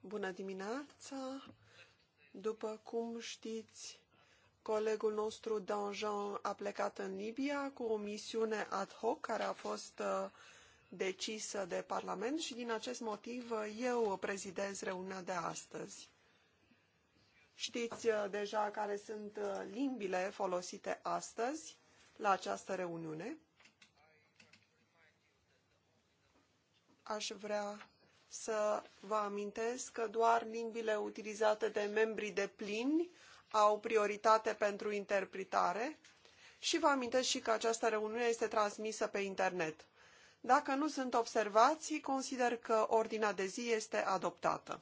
Bună dimineața! După cum știți, colegul nostru Danjean a plecat în Libia cu o misiune ad hoc care a fost uh, decisă de Parlament și din acest motiv uh, eu prezidez reuniunea de astăzi. Știți uh, deja care sunt limbile folosite astăzi la această reuniune. Aș vrea să vă amintesc că doar limbile utilizate de membrii de plini au prioritate pentru interpretare și vă amintesc și că această reuniune este transmisă pe internet. Dacă nu sunt observații, consider că ordinea de zi este adoptată.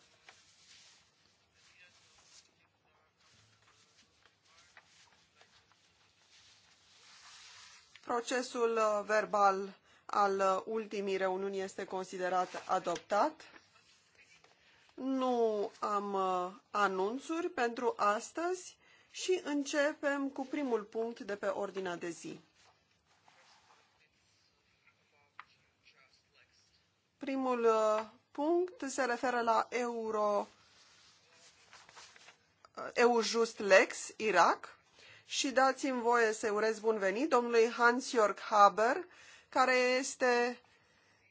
Procesul uh, verbal al ultimii reuniuni este considerat adoptat. Nu am uh, anunțuri pentru astăzi și începem cu primul punct de pe ordinea de zi. Primul uh, punct se referă la Euro uh, Eujust Lex Irak și dați-mi voie să urez bun venit domnului Hans-Jörg Haber, care este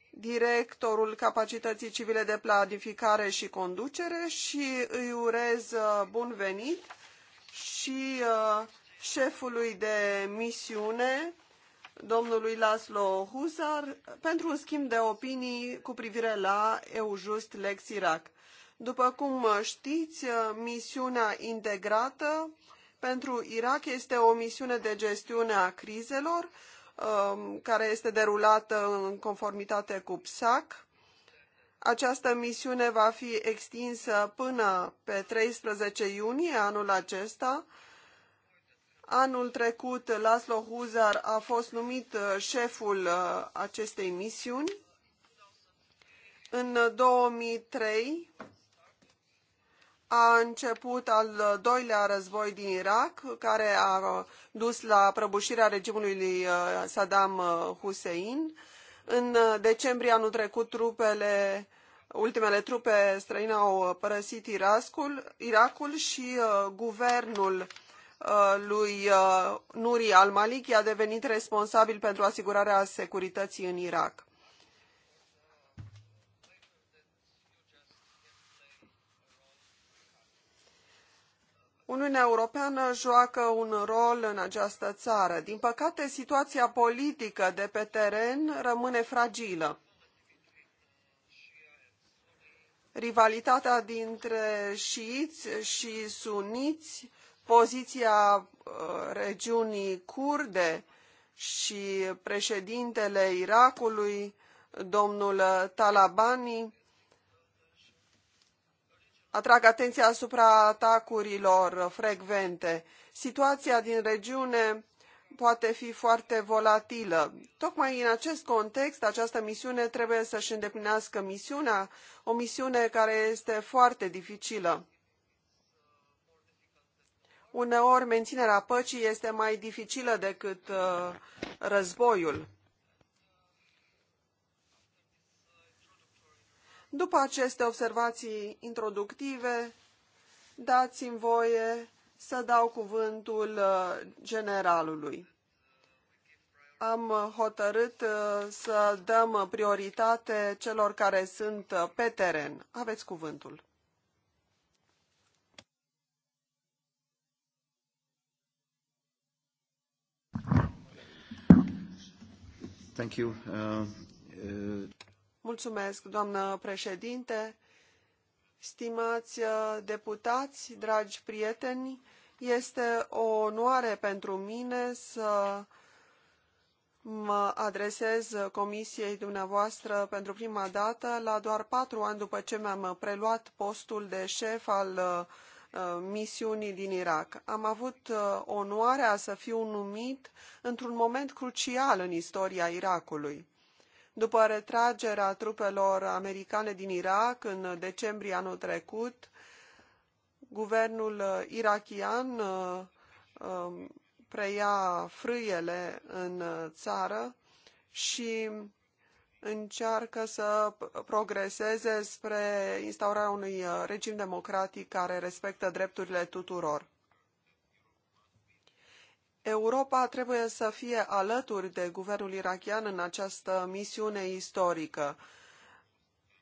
directorul capacității civile de planificare și conducere și îi urez uh, bun venit și uh, șefului de misiune, domnului Laszlo Huzar, pentru un schimb de opinii cu privire la Eujust Lex Irak. După cum știți, uh, misiunea integrată pentru Irak este o misiune de gestiune a crizelor Um, care este derulată în conformitate cu PSAC. Această misiune va fi extinsă până pe 13 iunie anul acesta. Anul trecut, Laszlo Huzar a fost numit uh, șeful uh, acestei misiuni. În 2003, a început al doilea război din Irak, care a dus la prăbușirea regimului lui uh, Saddam uh, Hussein. În uh, decembrie anul trecut, trupele, ultimele trupe străine au părăsit Iracul, Irakul și uh, guvernul uh, lui uh, Nuri al-Maliki a devenit responsabil pentru asigurarea securității în Irak. Uniunea Europeană joacă un rol în această țară. Din păcate, situația politică de pe teren rămâne fragilă. Rivalitatea dintre șiiți și suniți, poziția uh, regiunii curde și președintele Irakului, domnul Talabani, atrag atenția asupra atacurilor frecvente. Situația din regiune poate fi foarte volatilă. Tocmai în acest context, această misiune trebuie să-și îndeplinească misiunea, o misiune care este foarte dificilă. Uneori, menținerea păcii este mai dificilă decât uh, războiul. După aceste observații introductive, dați-mi voie să dau cuvântul uh, generalului. Am uh, hotărât uh, să dăm prioritate celor care sunt pe teren. Aveți cuvântul. Thank you. Uh, uh... Mulțumesc, doamnă președinte. Stimați uh, deputați, dragi prieteni, este o onoare pentru mine să mă adresez comisiei dumneavoastră pentru prima dată la doar patru ani după ce mi-am preluat postul de șef al uh, uh, misiunii din Irak. Am avut onoarea să fiu numit într-un moment crucial în istoria Irakului. După retragerea trupelor americane din Irak în decembrie anul trecut, guvernul uh, irachian uh, um, preia frâiele în uh, țară și încearcă să progreseze spre instaurarea unui regim democratic care respectă drepturile tuturor. Europa trebuie să fie alături de guvernul irachian în această misiune istorică.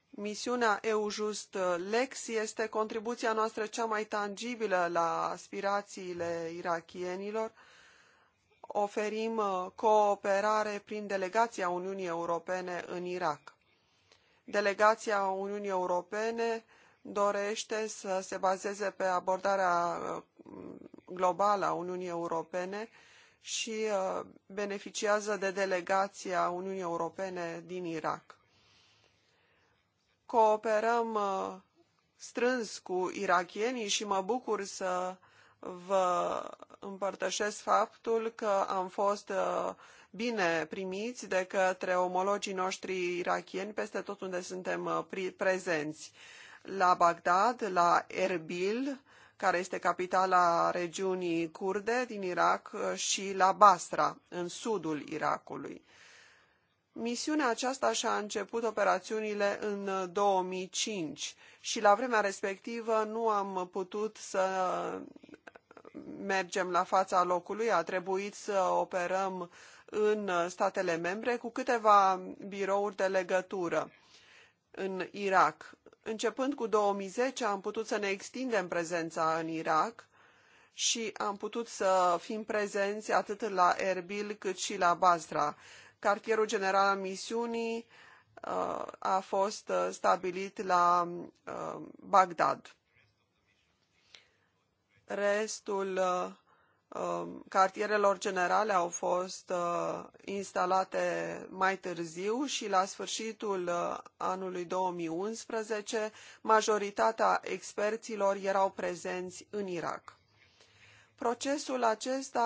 Misiunea EU-Just Lex este contribuția noastră cea mai tangibilă la aspirațiile irachienilor. Oferim uh, cooperare prin delegația Uniunii Europene în Irak. Delegația Uniunii Europene dorește să se bazeze pe abordarea uh, globală a Uniunii Europene și uh, beneficiază de delegația Uniunii Europene din Irak. Cooperăm uh, strâns cu irakienii și mă bucur să vă împărtășesc faptul că am fost uh, bine primiți de către omologii noștri irakieni peste tot unde suntem prezenți. La Bagdad, la Erbil, care este capitala regiunii kurde din Irak, uh, și la Basra, în sudul Irakului. Misiunea aceasta și-a început operațiunile în 2005 uh, și la vremea respectivă nu am putut să uh, mergem la fața locului, a trebuit să operăm în statele membre cu câteva birouri de legătură în Irak. Începând cu 2010 am putut să ne extindem prezența în Irak și am putut să fim prezenți atât la Erbil cât și la Basra. Cartierul general al misiunii uh, a fost uh, stabilit la uh, Bagdad. Restul Um, cartierelor generale au fost uh, instalate mai târziu și la sfârșitul uh, anului 2011 majoritatea experților erau prezenți în Irak. Procesul acesta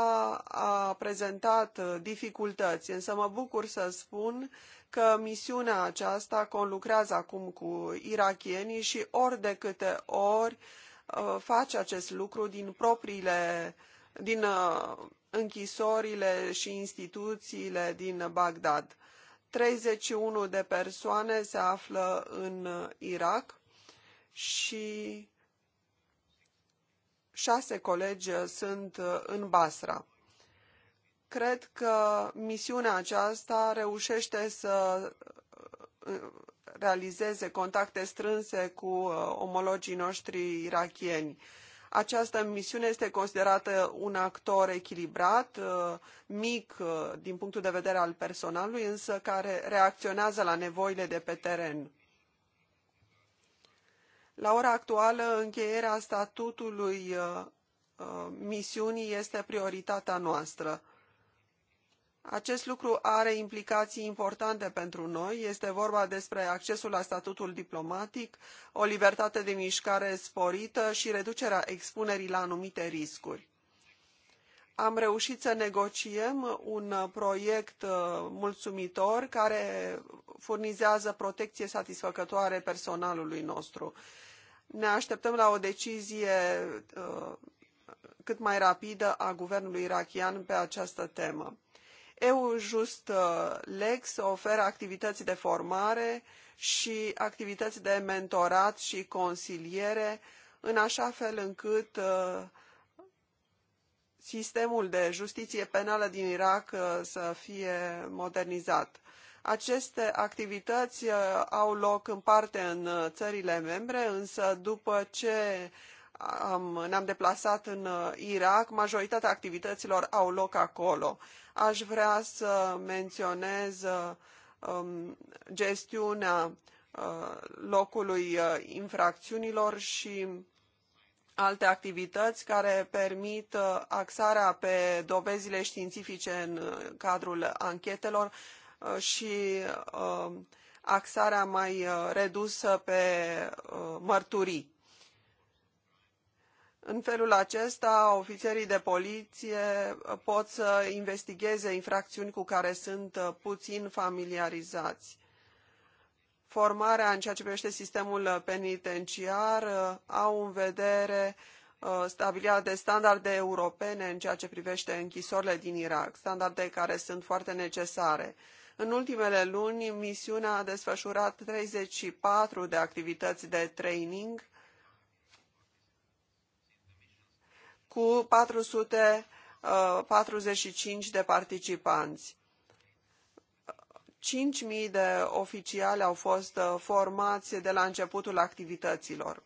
a prezentat uh, dificultăți, însă mă bucur să spun că misiunea aceasta conlucrează acum cu irakienii și ori de câte ori face acest lucru din propriile uh, din uh, închisorile și instituțiile din Bagdad. 31 de persoane se află în uh, Irak și șase colegi uh, sunt în Basra. Cred că misiunea aceasta reușește să realizeze contacte strânse cu omologii noștri irakieni. Această misiune este considerată un actor echilibrat, uh, mic uh, din punctul de vedere al personalului, însă care reacționează la nevoile de pe teren. La ora actuală, încheierea statutului uh, misiunii este prioritatea noastră. Acest lucru are implicații importante pentru noi. Este vorba despre accesul la statutul diplomatic, o libertate de mișcare sporită și reducerea expunerii la anumite riscuri. Am reușit să negociem un proiect uh, mulțumitor care furnizează protecție satisfăcătoare personalului nostru. Ne așteptăm la o decizie uh, cât mai rapidă a guvernului irakian pe această temă. EUJust uh, Lex oferă activități de formare și activități de mentorat și consiliere în așa fel încât uh, sistemul de justiție penală din Irak uh, să fie modernizat. Aceste activități au loc în parte în țările membre, însă după ce am, ne-am deplasat în Irak, majoritatea activităților au loc acolo. Aș vrea să menționez um, gestiunea uh, locului uh, infracțiunilor și alte activități care permit uh, axarea pe dovezile științifice în uh, cadrul anchetelor uh, și axarea mai redusă pe mărturii. În felul acesta, ofițerii de poliție pot să investigheze infracțiuni cu care sunt uh, puțin familiarizați. Formarea în ceea ce privește sistemul uh, penitenciar uh, au în vedere stabilirea de standarde europene în ceea ce privește închisorile din Irak, standarde care sunt foarte necesare. În ultimele luni, misiunea a desfășurat 34 de activități de training, cu 445 uh, de participanți. 5.000 de oficiali au fost uh, formați de la începutul activităților,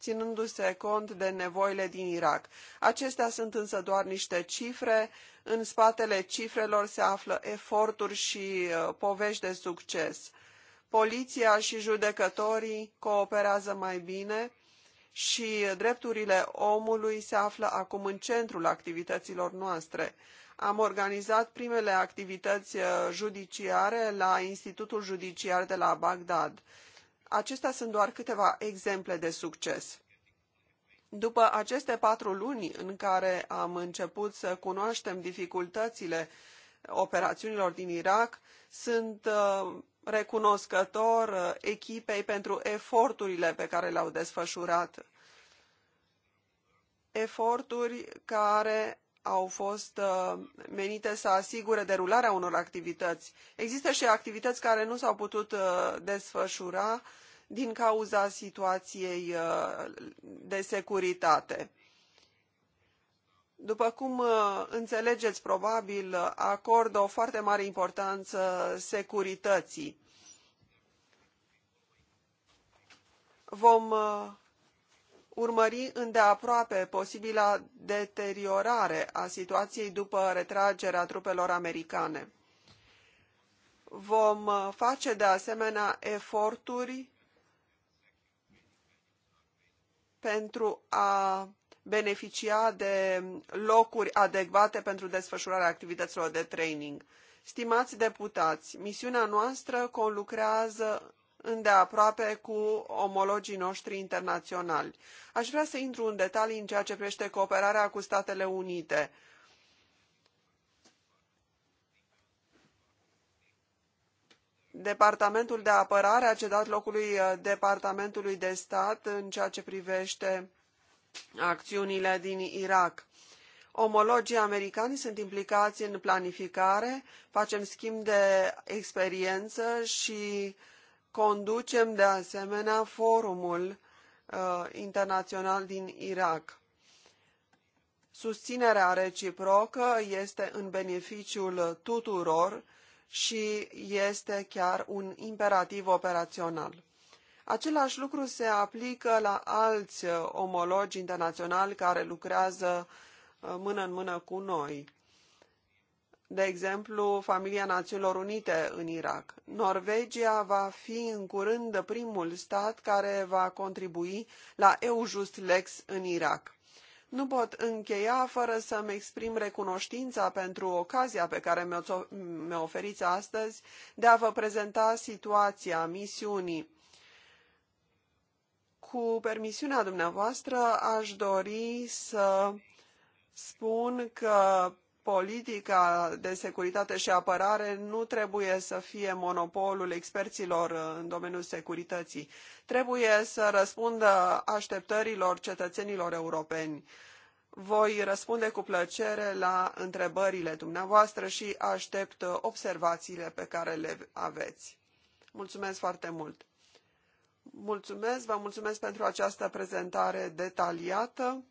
ținându-se cont de nevoile din Irak. Acestea sunt însă doar niște cifre. În spatele cifrelor se află eforturi și uh, povești de succes. Poliția și judecătorii cooperează mai bine și drepturile omului se află acum în centrul activităților noastre. Am organizat primele activități uh, judiciare la Institutul Judiciar de la Bagdad. Acestea sunt doar câteva exemple de succes. După aceste patru luni în care am început să cunoaștem dificultățile operațiunilor din Irak, sunt uh, recunoscător uh, echipei pentru eforturile pe care le-au desfășurat. Eforturi care au fost uh, menite să asigure derularea unor activități. Există și activități care nu s-au putut uh, desfășura din cauza situației de securitate. După cum uh, înțelegeți, probabil acordă o foarte mare importanță securității. Vom uh, urmări îndeaproape posibila deteriorare a situației după retragerea trupelor americane. Vom uh, face de asemenea eforturi pentru a beneficia de locuri adecvate pentru desfășurarea activităților de training. Stimați deputați, misiunea noastră conlucrează îndeaproape cu omologii noștri internaționali. Aș vrea să intru în detalii în ceea ce privește cooperarea cu Statele Unite. Departamentul de apărare a cedat locului uh, Departamentului de stat în ceea ce privește acțiunile din Irak. Omologii americani sunt implicați în planificare, facem schimb de experiență și conducem de asemenea forumul uh, internațional din Irak. Susținerea reciprocă este în beneficiul tuturor și este chiar un imperativ operațional. Același lucru se aplică la alți uh, omologi internaționali care lucrează uh, mână în mână cu noi. De exemplu, familia Națiunilor Unite în Irak. Norvegia va fi în curând primul stat care va contribui la Eujust Lex în Irak. Nu pot încheia fără să-mi exprim recunoștința pentru ocazia pe care mi-o oferiți astăzi de a vă prezenta situația misiunii cu permisiunea dumneavoastră, aș dori să spun că politica de securitate și apărare nu trebuie să fie monopolul experților în domeniul securității. Trebuie să răspundă așteptărilor cetățenilor europeni. Voi răspunde cu plăcere la întrebările dumneavoastră și aștept observațiile pe care le aveți. Mulțumesc foarte mult! mulțumesc, vă mulțumesc pentru această prezentare detaliată.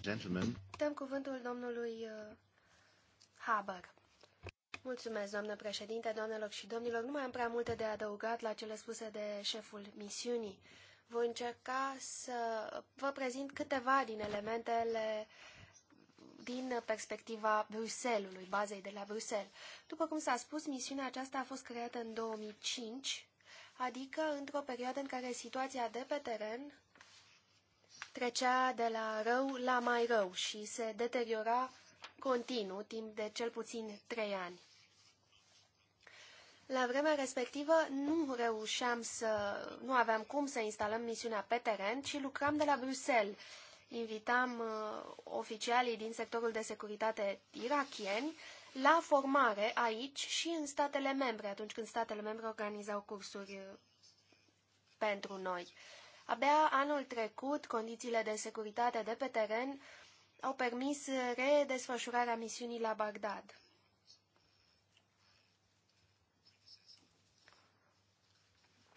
Gentlemen. Dăm cuvântul domnului uh, Haber. Mulțumesc, doamnă președinte, doamnelor și domnilor. Nu mai am prea multe de adăugat la cele spuse de șeful misiunii. Voi încerca să vă prezint câteva din elementele din perspectiva Bruselului, bazei de la Bruxelles. După cum s-a spus, misiunea aceasta a fost creată în 2005, adică într-o perioadă în care situația de pe teren trecea de la rău la mai rău și se deteriora continuu timp de cel puțin trei ani. La vremea respectivă nu reușeam să, nu aveam cum să instalăm misiunea pe teren, ci lucram de la Bruxelles. Invitam uh, oficialii din sectorul de securitate irachieni la formare aici și în statele membre, atunci când statele membre organizau cursuri uh, pentru noi. Abia anul trecut, condițiile de securitate de pe teren au permis redesfășurarea misiunii la Bagdad.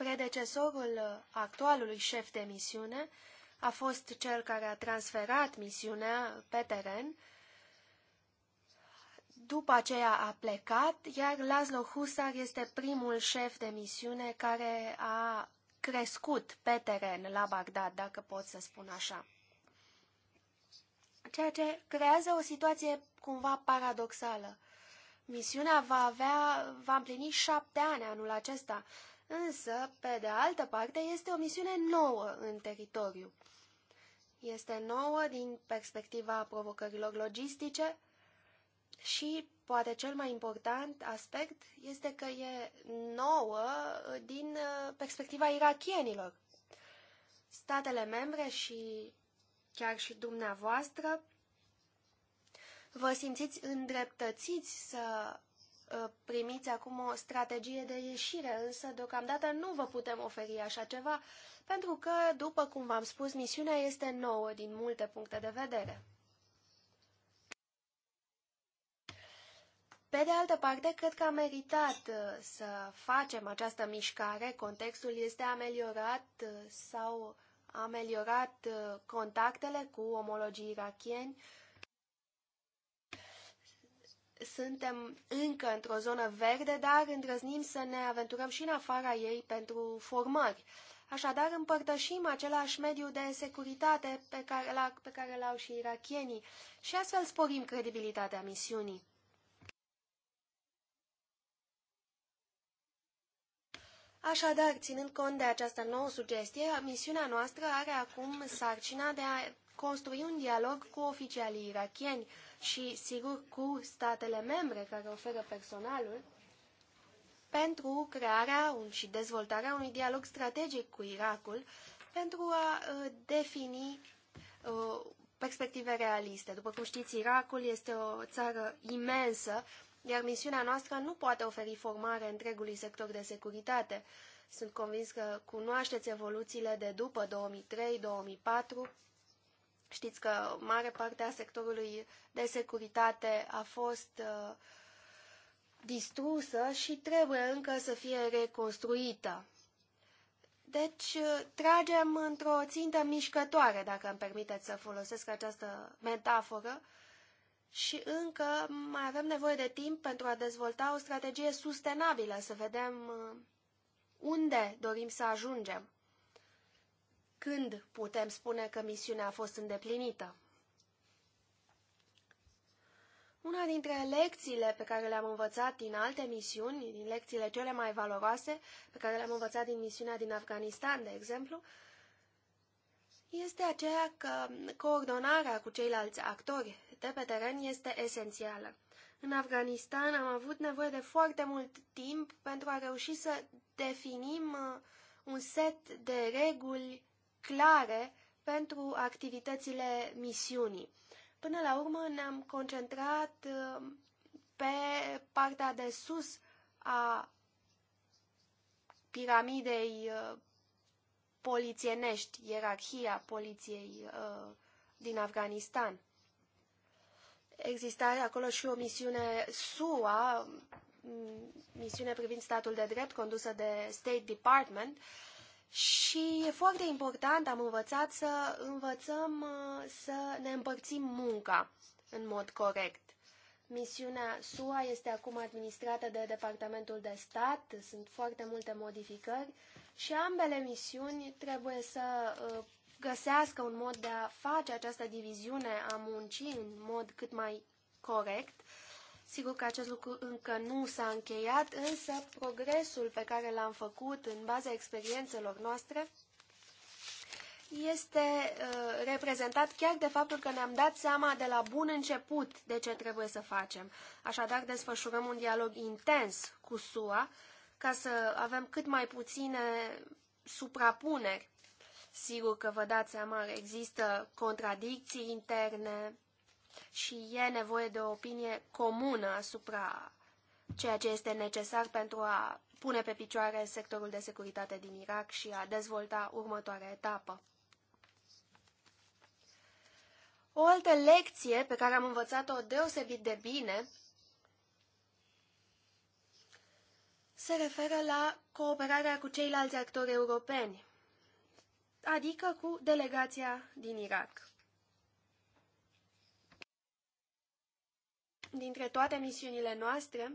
Predecesorul actualului șef de misiune a fost cel care a transferat misiunea pe teren, după aceea a plecat, iar Laszlo Husar este primul șef de misiune care a crescut pe teren la Bagdad, dacă pot să spun așa. Ceea ce creează o situație cumva paradoxală. Misiunea va avea, va împlini șapte ani anul acesta, Însă, pe de altă parte, este o misiune nouă în teritoriu. Este nouă din perspectiva provocărilor logistice și, poate cel mai important aspect, este că e nouă din uh, perspectiva irachienilor. Statele membre și chiar și dumneavoastră vă simțiți îndreptățiți să Uh, primiți acum o strategie de ieșire, însă deocamdată nu vă putem oferi așa ceva, pentru că, după cum v-am spus, misiunea este nouă din multe puncte de vedere. Pe de altă parte, cred că a meritat uh, să facem această mișcare, contextul este ameliorat uh, sau ameliorat contactele cu omologii irachieni, suntem încă într-o zonă verde, dar îndrăznim să ne aventurăm și în afara ei pentru formări. Așadar, împărtășim același mediu de securitate pe care, la, pe care l-au și irachienii și astfel sporim credibilitatea misiunii. Așadar, ținând cont de această nouă sugestie, misiunea noastră are acum sarcina de a construi un dialog cu oficialii irachieni, și, sigur, cu statele membre care oferă personalul, pentru crearea și dezvoltarea unui dialog strategic cu Irakul pentru a ă, defini ă, perspective realiste. După cum știți, Irakul este o țară imensă, iar misiunea noastră nu poate oferi formare întregului sector de securitate. Sunt convins că cunoașteți evoluțiile de după 2003-2004 Știți că mare parte a sectorului de securitate a fost uh, distrusă și trebuie încă să fie reconstruită. Deci, uh, tragem într-o țintă mișcătoare, dacă îmi permiteți să folosesc această metaforă, și încă mai avem nevoie de timp pentru a dezvolta o strategie sustenabilă, să vedem uh, unde dorim să ajungem. Când putem spune că misiunea a fost îndeplinită? Una dintre lecțiile pe care le-am învățat din alte misiuni, din lecțiile cele mai valoroase pe care le-am învățat din misiunea din Afganistan, de exemplu, este aceea că coordonarea cu ceilalți actori de pe teren este esențială. În Afganistan am avut nevoie de foarte mult timp pentru a reuși să definim uh, un set de reguli clare pentru activitățile misiunii. Până la urmă ne-am concentrat uh, pe partea de sus a piramidei uh, polițienești, ierarhia poliției uh, din Afganistan. Exista acolo și o misiune SUA, misiune privind statul de drept condusă de State Department, uh, și e foarte important, am învățat să învățăm uh, să ne împărțim munca în mod corect. Misiunea SUA este acum administrată de Departamentul de Stat, sunt foarte multe modificări și ambele misiuni trebuie să uh, găsească un mod de a face această diviziune a muncii în mod cât mai corect Sigur că acest lucru încă nu s-a încheiat, însă progresul pe care l-am făcut în baza experiențelor noastre este uh, reprezentat chiar de faptul că ne-am dat seama de la bun început de ce trebuie să facem. Așadar, desfășurăm un dialog intens cu SUA ca să avem cât mai puține suprapuneri. Sigur că vă dați seama, există contradicții interne, și e nevoie de o opinie comună asupra ceea ce este necesar pentru a pune pe picioare sectorul de securitate din Irak și a dezvolta următoarea etapă. O altă lecție pe care am învățat-o deosebit de bine se referă la cooperarea cu ceilalți actori europeni, adică cu delegația din Irak. Dintre toate misiunile noastre,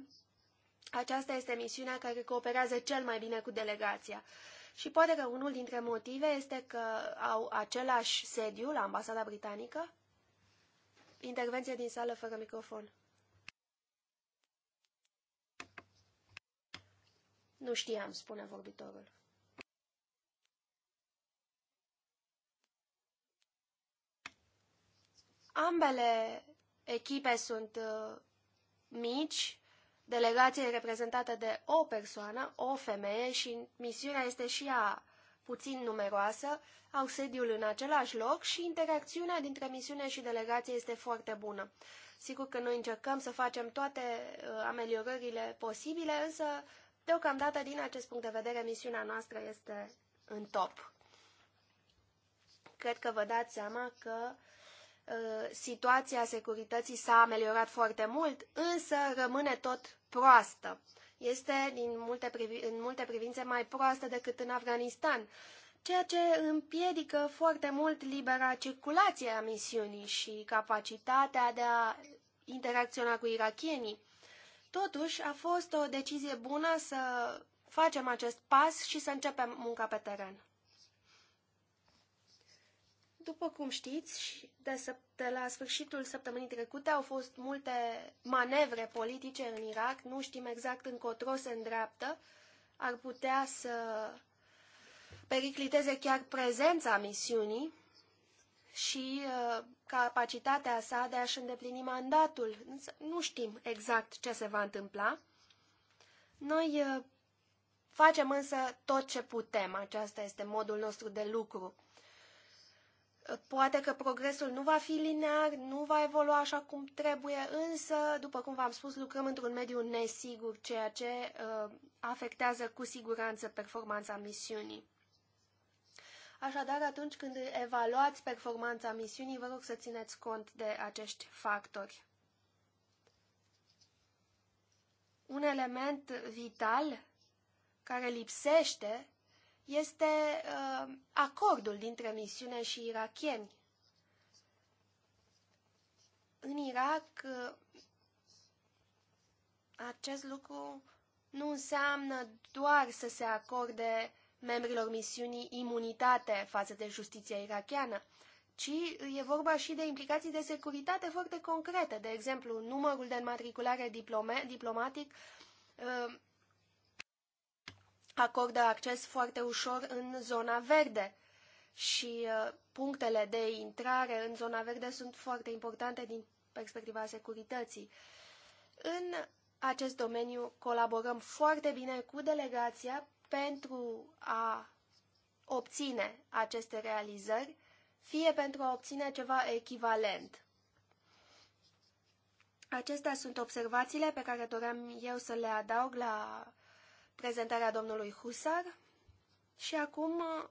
aceasta este misiunea care cooperează cel mai bine cu delegația. Și poate că unul dintre motive este că au același sediu la ambasada britanică. Intervenție din sală fără microfon. Nu știam, spune vorbitorul. Ambele echipe sunt uh, mici, delegația e reprezentată de o persoană, o femeie și misiunea este și ea puțin numeroasă, au sediul în același loc și interacțiunea dintre misiune și delegație este foarte bună. Sigur că noi încercăm să facem toate uh, ameliorările posibile, însă deocamdată din acest punct de vedere misiunea noastră este în top. Cred că vă dați seama că uh, Uh, situația securității s-a ameliorat foarte mult, însă rămâne tot proastă. Este din multe în multe privințe mai proastă decât în Afganistan, ceea ce împiedică foarte mult libera circulație a misiunii și capacitatea de a interacționa cu irachienii. Totuși, a fost o decizie bună să facem acest pas și să începem munca pe teren. După cum știți, de, de la sfârșitul săptămânii trecute au fost multe manevre politice în Irak, nu știm exact încotro se îndreaptă, ar putea să pericliteze chiar prezența misiunii și uh, capacitatea sa de a-și îndeplini mandatul. Însă nu știm exact ce se va întâmpla. Noi uh, facem însă tot ce putem. Aceasta este modul nostru de lucru. Poate că progresul nu va fi linear, nu va evolua așa cum trebuie, însă, după cum v-am spus, lucrăm într-un mediu nesigur, ceea ce uh, afectează cu siguranță performanța misiunii. Așadar, atunci când evaluați performanța misiunii, vă rog să țineți cont de acești factori. Un element vital care lipsește este uh, acordul dintre misiune și irachieni. În Irak, uh, acest lucru nu înseamnă doar să se acorde membrilor misiunii imunitate față de justiția irachiană, ci e vorba și de implicații de securitate foarte concrete, de exemplu, numărul de înmatriculare diplome, diplomatic uh, acordă acces foarte ușor în zona verde și uh, punctele de intrare în zona verde sunt foarte importante din perspectiva securității. În acest domeniu colaborăm foarte bine cu delegația pentru a obține aceste realizări, fie pentru a obține ceva echivalent. Acestea sunt observațiile pe care doream eu să le adaug la prezentarea domnului Husar și acum uh,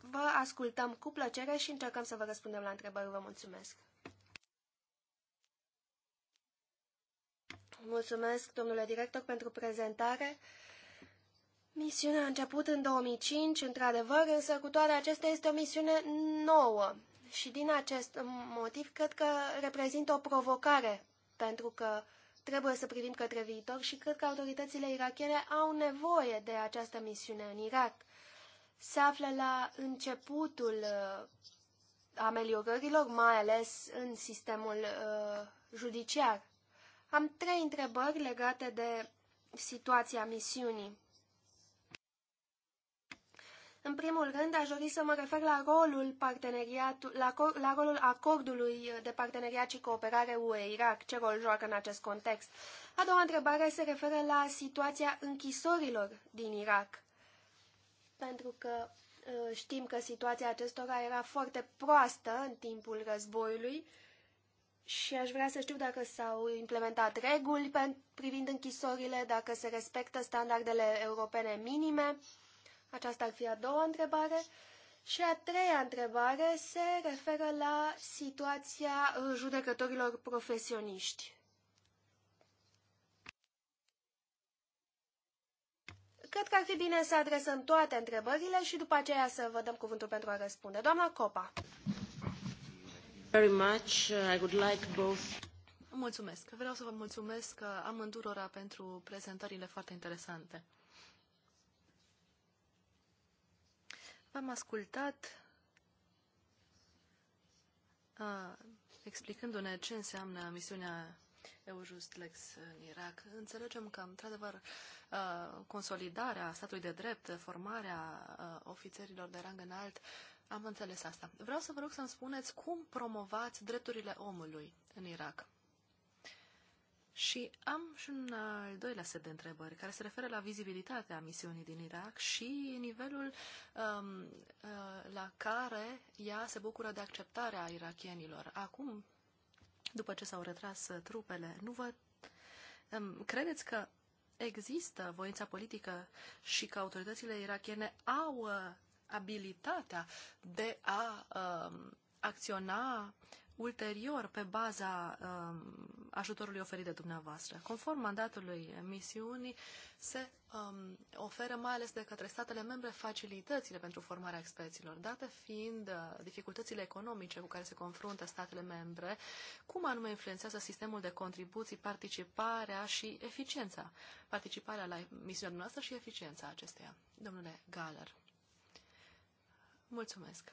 vă ascultăm cu plăcere și încercăm să vă răspundem la întrebări. Vă mulțumesc! Mulțumesc, domnule director, pentru prezentare. Misiunea a început în 2005, într-adevăr, însă cu toate acestea este o misiune nouă și din acest motiv cred că reprezintă o provocare, pentru că trebuie să privim către viitor și cred că autoritățile irachiene au nevoie de această misiune în Irak. Se află la începutul uh, ameliorărilor, mai ales în sistemul uh, judiciar. Am trei întrebări legate de situația misiunii. În primul rând, aș dori să mă refer la rolul, parteneriatul, la, la rolul acordului de parteneriat și cooperare UE-Irak, ce rol joacă în acest context. A doua întrebare se referă la situația închisorilor din Irak, pentru că ă, știm că situația acestora era foarte proastă în timpul războiului și aș vrea să știu dacă s-au implementat reguli privind închisorile, dacă se respectă standardele europene minime aceasta ar fi a doua întrebare. Și a treia întrebare se referă la situația uh, judecătorilor profesioniști. Cred că ar fi bine să adresăm toate întrebările și după aceea să vă dăm cuvântul pentru a răspunde. Doamna Copa. Very much. I would like both. Mulțumesc. Vreau să vă mulțumesc uh, amândurora pentru prezentările foarte interesante. am ascultat a, explicându-ne ce înseamnă misiunea Eurojust Lex în Irak. Înțelegem că, într-adevăr, consolidarea statului de drept, formarea ofițerilor de rang înalt, am înțeles asta. Vreau să vă rog să-mi spuneți cum promovați drepturile omului în Irak. Și am și un al doilea set de întrebări care se referă la vizibilitatea misiunii din Irak și nivelul um, uh, la care ea se bucură de acceptarea irakienilor. Acum, după ce s-au retras trupele, nu vă um, credeți că există voința politică și că autoritățile irakiene au uh, abilitatea de a uh, acționa ulterior pe baza um, ajutorului oferit de dumneavoastră. Conform mandatului misiunii, se um, oferă mai ales de către statele membre facilitățile pentru formarea experților, date fiind uh, dificultățile economice cu care se confruntă statele membre, cum anume influențează sistemul de contribuții, participarea și eficiența, participarea la misiunea noastră și eficiența acesteia. Domnule Galer. Mulțumesc.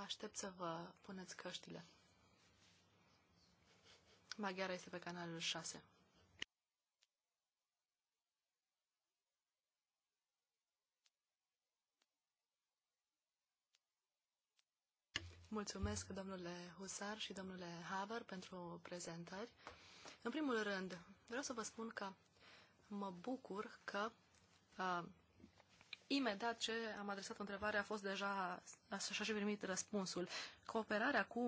Aștept să vă puneți căștile. Maghiara este pe canalul 6. Mulțumesc, domnule Husar și domnule Haver, pentru prezentări. În primul rând, vreau să vă spun că mă bucur că uh, imediat ce am adresat întrebarea, a fost deja, așa și primit răspunsul. Cooperarea cu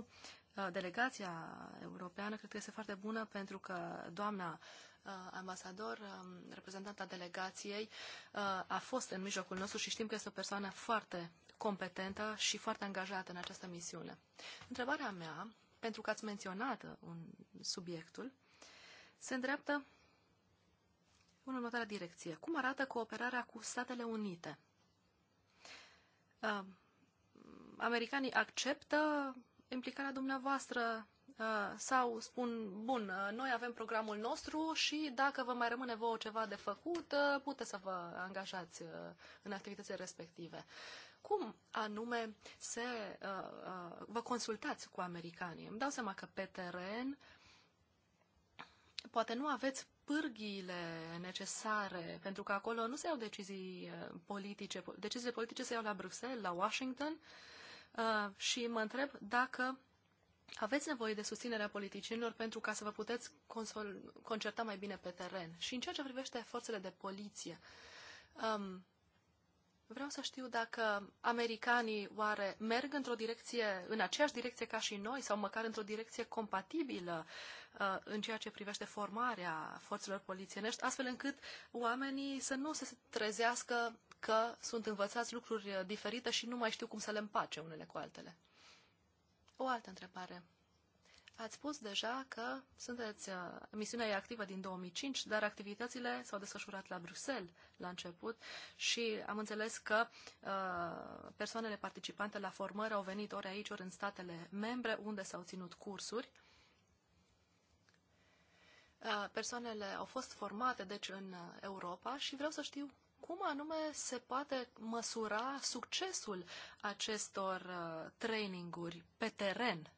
uh, delegația europeană cred că este foarte bună pentru că doamna uh, ambasador, um, reprezentanta delegației, uh, a fost în mijlocul nostru și știm că este o persoană foarte competentă și foarte angajată în această misiune. Întrebarea mea, pentru că ați menționat un subiectul, se îndreaptă în următoarea direcție. Cum arată cooperarea cu Statele Unite? Uh, americanii acceptă implicarea dumneavoastră uh, sau spun, bun, uh, noi avem programul nostru și dacă vă mai rămâne vouă ceva de făcut, uh, puteți să vă angajați în activitățile respective. Cum anume se, vă consultați cu americanii? Îmi dau seama că pe teren poate nu aveți pârghiile necesare, pentru că acolo nu se iau decizii uh, politice, deciziile politice se iau la Bruxelles, la Washington uh, și mă întreb dacă aveți nevoie de susținerea politicienilor pentru ca să vă puteți concerta mai bine pe teren. Și în ceea ce privește forțele de poliție, um, Vreau să știu dacă americanii oare merg într-o direcție, în aceeași direcție ca și noi, sau măcar într-o direcție compatibilă uh, în ceea ce privește formarea forțelor polițienești, astfel încât oamenii să nu se trezească că sunt învățați lucruri diferite și nu mai știu cum să le împace unele cu altele. O altă întrebare. Ați spus deja că sunteți, uh, misiunea e activă din 2005, dar activitățile s-au desfășurat la Bruxelles la început și am înțeles că uh, persoanele participante la formări au venit ori aici, ori în statele membre, unde s-au ținut cursuri. Uh, persoanele au fost formate, deci, în uh, Europa și vreau să știu cum anume se poate măsura succesul acestor uh, traininguri pe teren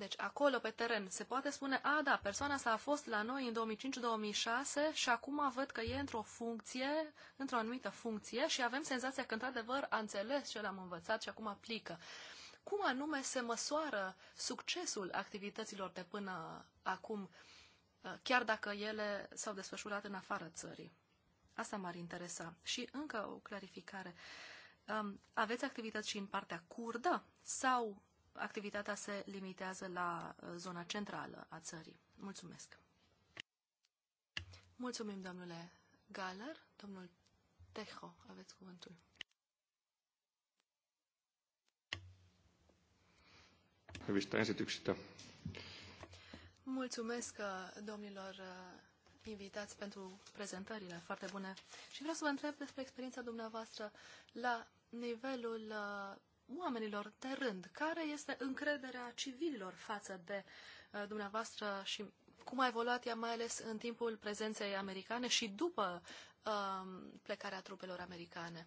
deci acolo, pe teren, se poate spune, a, da, persoana asta a fost la noi în 2005-2006 și acum văd că e într-o funcție, într-o anumită funcție și avem senzația că, într-adevăr, a înțeles ce l-am învățat și acum aplică. Cum anume se măsoară succesul activităților de până acum, ă, chiar dacă ele s-au desfășurat în afara țării? Asta m-ar interesa. Și încă o clarificare. Aveți activități și în partea curdă sau activitatea se limitează la uh, zona centrală a țării. Mulțumesc! Mulțumim, domnule Galer. Domnul Teho, aveți cuvântul. Mulțumesc uh, domnilor uh, invitați pentru prezentările foarte bune și vreau să vă întreb despre experiența dumneavoastră la nivelul oamenilor de rând? Care este încrederea civililor față de uh, dumneavoastră și cum a evoluat ea, mai ales în timpul prezenței americane și după um, plecarea trupelor americane?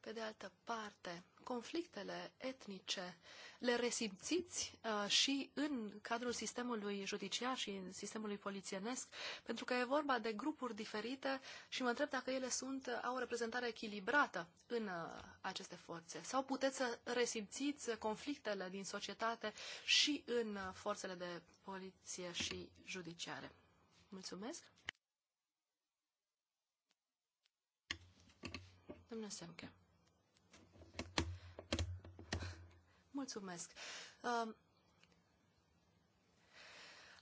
Pe de altă parte, conflictele etnice le resimțiți uh, și în cadrul sistemului judiciar și în sistemului polițienesc, pentru că e vorba de grupuri diferite și mă întreb dacă ele sunt, uh, au o reprezentare echilibrată în uh, aceste forțe. Sau puteți să resimțiți conflictele din societate și în uh, forțele de poliție și judiciare. Mulțumesc! Domnule Semche. Mulțumesc. Um,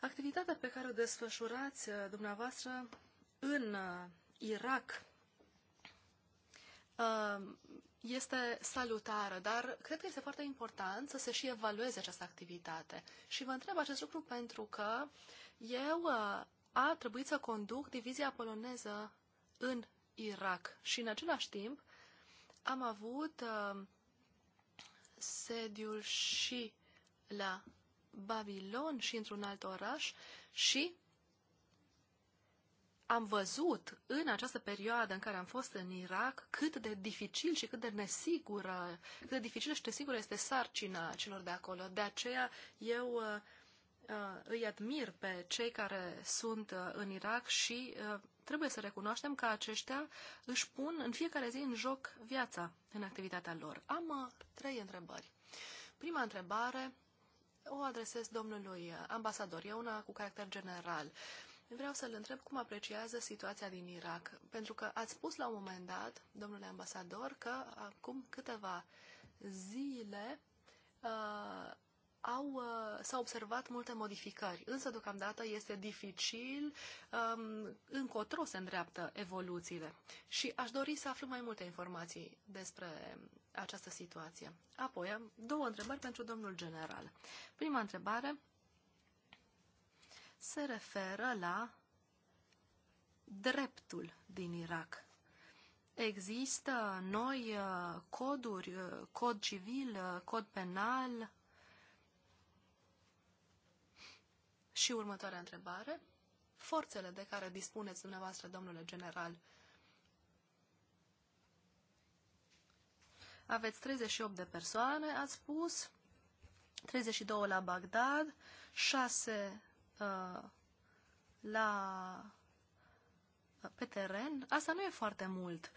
activitatea pe care o desfășurați uh, dumneavoastră în uh, Irak um, este salutară, dar cred că este foarte important să se și evalueze această activitate. Și vă întreb acest lucru pentru că eu uh, a trebuit să conduc divizia poloneză în Irak și în același timp am avut sediul și la Babilon și într-un alt oraș și am văzut în această perioadă în care am fost în Irak cât de dificil și cât de nesigură, cât de dificilă și nesigură este sarcina celor de acolo. De aceea eu uh, uh, îi admir pe cei care sunt uh, în Irak și uh, trebuie să recunoaștem că aceștia își pun în fiecare zi în joc viața în activitatea lor. Am uh, trei întrebări. Prima întrebare o adresez domnului ambasador. E una cu caracter general. Vreau să-l întreb cum apreciază situația din Irak, pentru că ați spus la un moment dat, domnule ambasador, că acum câteva zile uh, au, uh, s-au observat multe modificări, însă deocamdată este dificil um, încotro se îndreaptă evoluțiile. Și aș dori să aflu mai multe informații despre această situație. Apoi am două întrebări pentru domnul general. Prima întrebare se referă la dreptul din Irak. Există noi uh, coduri, uh, cod civil, cod penal, Și următoarea întrebare. Forțele de care dispuneți dumneavoastră, domnule general, aveți 38 de persoane, ați spus, 32 la Bagdad, 6 uh, la pe teren, asta nu e foarte mult.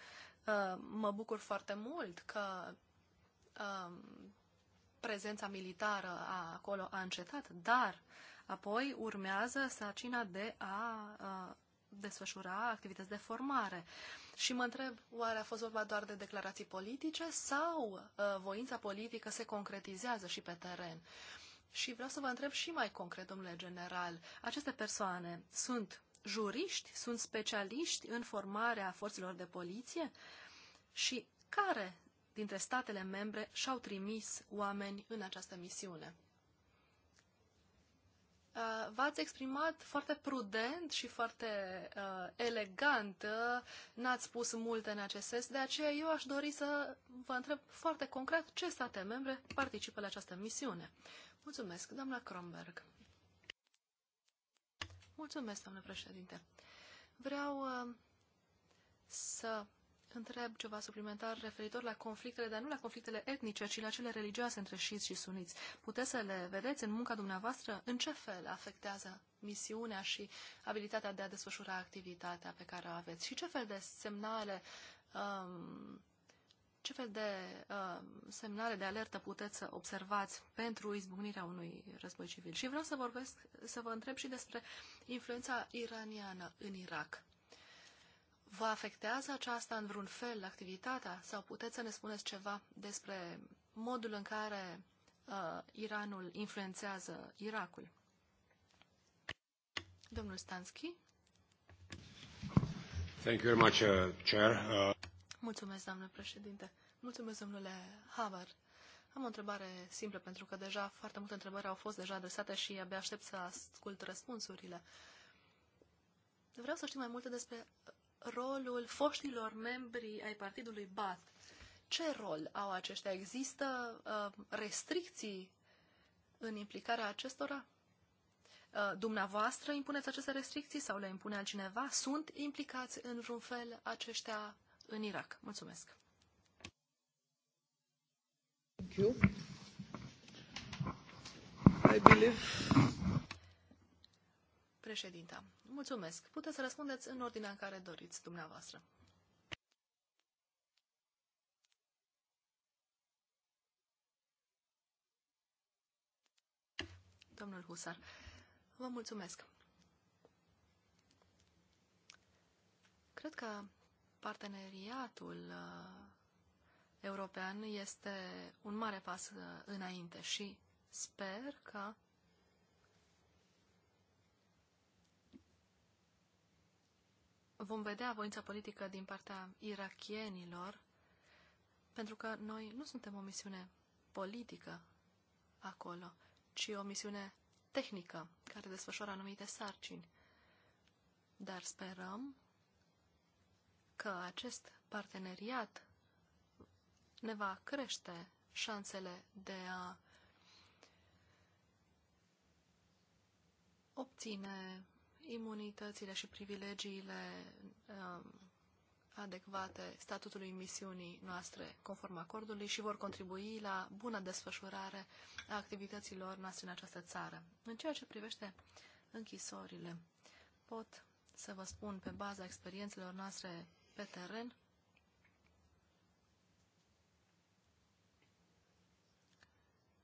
Uh, mă bucur foarte mult că uh, prezența militară a, acolo a încetat, dar Apoi urmează sarcina de a, a desfășura activități de formare. Și mă întreb, oare a fost vorba doar de declarații politice sau a, voința politică se concretizează și pe teren? Și vreau să vă întreb și mai concret, domnule general, aceste persoane sunt juriști, sunt specialiști în formarea forțelor de poliție și care dintre statele membre și-au trimis oameni în această misiune? Uh, v-ați exprimat foarte prudent și foarte uh, elegant, uh, n-ați spus multe în acest sens, de aceea eu aș dori să vă întreb foarte concret ce state membre participă la această misiune. Mulțumesc, doamna Kronberg. Mulțumesc, doamnă președinte. Vreau uh, să întreb ceva suplimentar referitor la conflictele, dar nu la conflictele etnice, ci la cele religioase între șiți și suniți. Puteți să le vedeți în munca dumneavoastră? În ce fel afectează misiunea și abilitatea de a desfășura activitatea pe care o aveți? Și ce fel de semnale, um, ce fel de um, semnale de alertă puteți să observați pentru izbucnirea unui război civil? Și vreau să vorbesc, să vă întreb și despre influența iraniană în Irak Vă afectează aceasta în vreun fel activitatea sau puteți să ne spuneți ceva despre modul în care uh, Iranul influențează Irakul? Domnul Stansky. Thank you very much, uh, Chair. Uh... Mulțumesc, doamnă președinte. Mulțumesc, domnule Havar. Am o întrebare simplă, pentru că deja foarte multe întrebări au fost deja adresate și abia aștept să ascult răspunsurile. Vreau să știu mai multe despre rolul foștilor membri ai partidului BAT. Ce rol au aceștia? Există uh, restricții în implicarea acestora? Uh, dumneavoastră impuneți aceste restricții sau le impune altcineva? Sunt implicați în vreun fel aceștia în Irak? Mulțumesc! Thank you. I believe Președinta, mulțumesc. Puteți să răspundeți în ordinea în care doriți dumneavoastră. Domnul Husar, vă mulțumesc. Cred că parteneriatul uh, european este un mare pas uh, înainte și sper că vom vedea voința politică din partea irachienilor, pentru că noi nu suntem o misiune politică acolo, ci o misiune tehnică care desfășoară anumite sarcini. Dar sperăm că acest parteneriat ne va crește șansele de a obține imunitățile și privilegiile um, adecvate statutului misiunii noastre conform acordului și vor contribui la bună desfășurare a activităților noastre în această țară. În ceea ce privește închisorile, pot să vă spun pe baza experiențelor noastre pe teren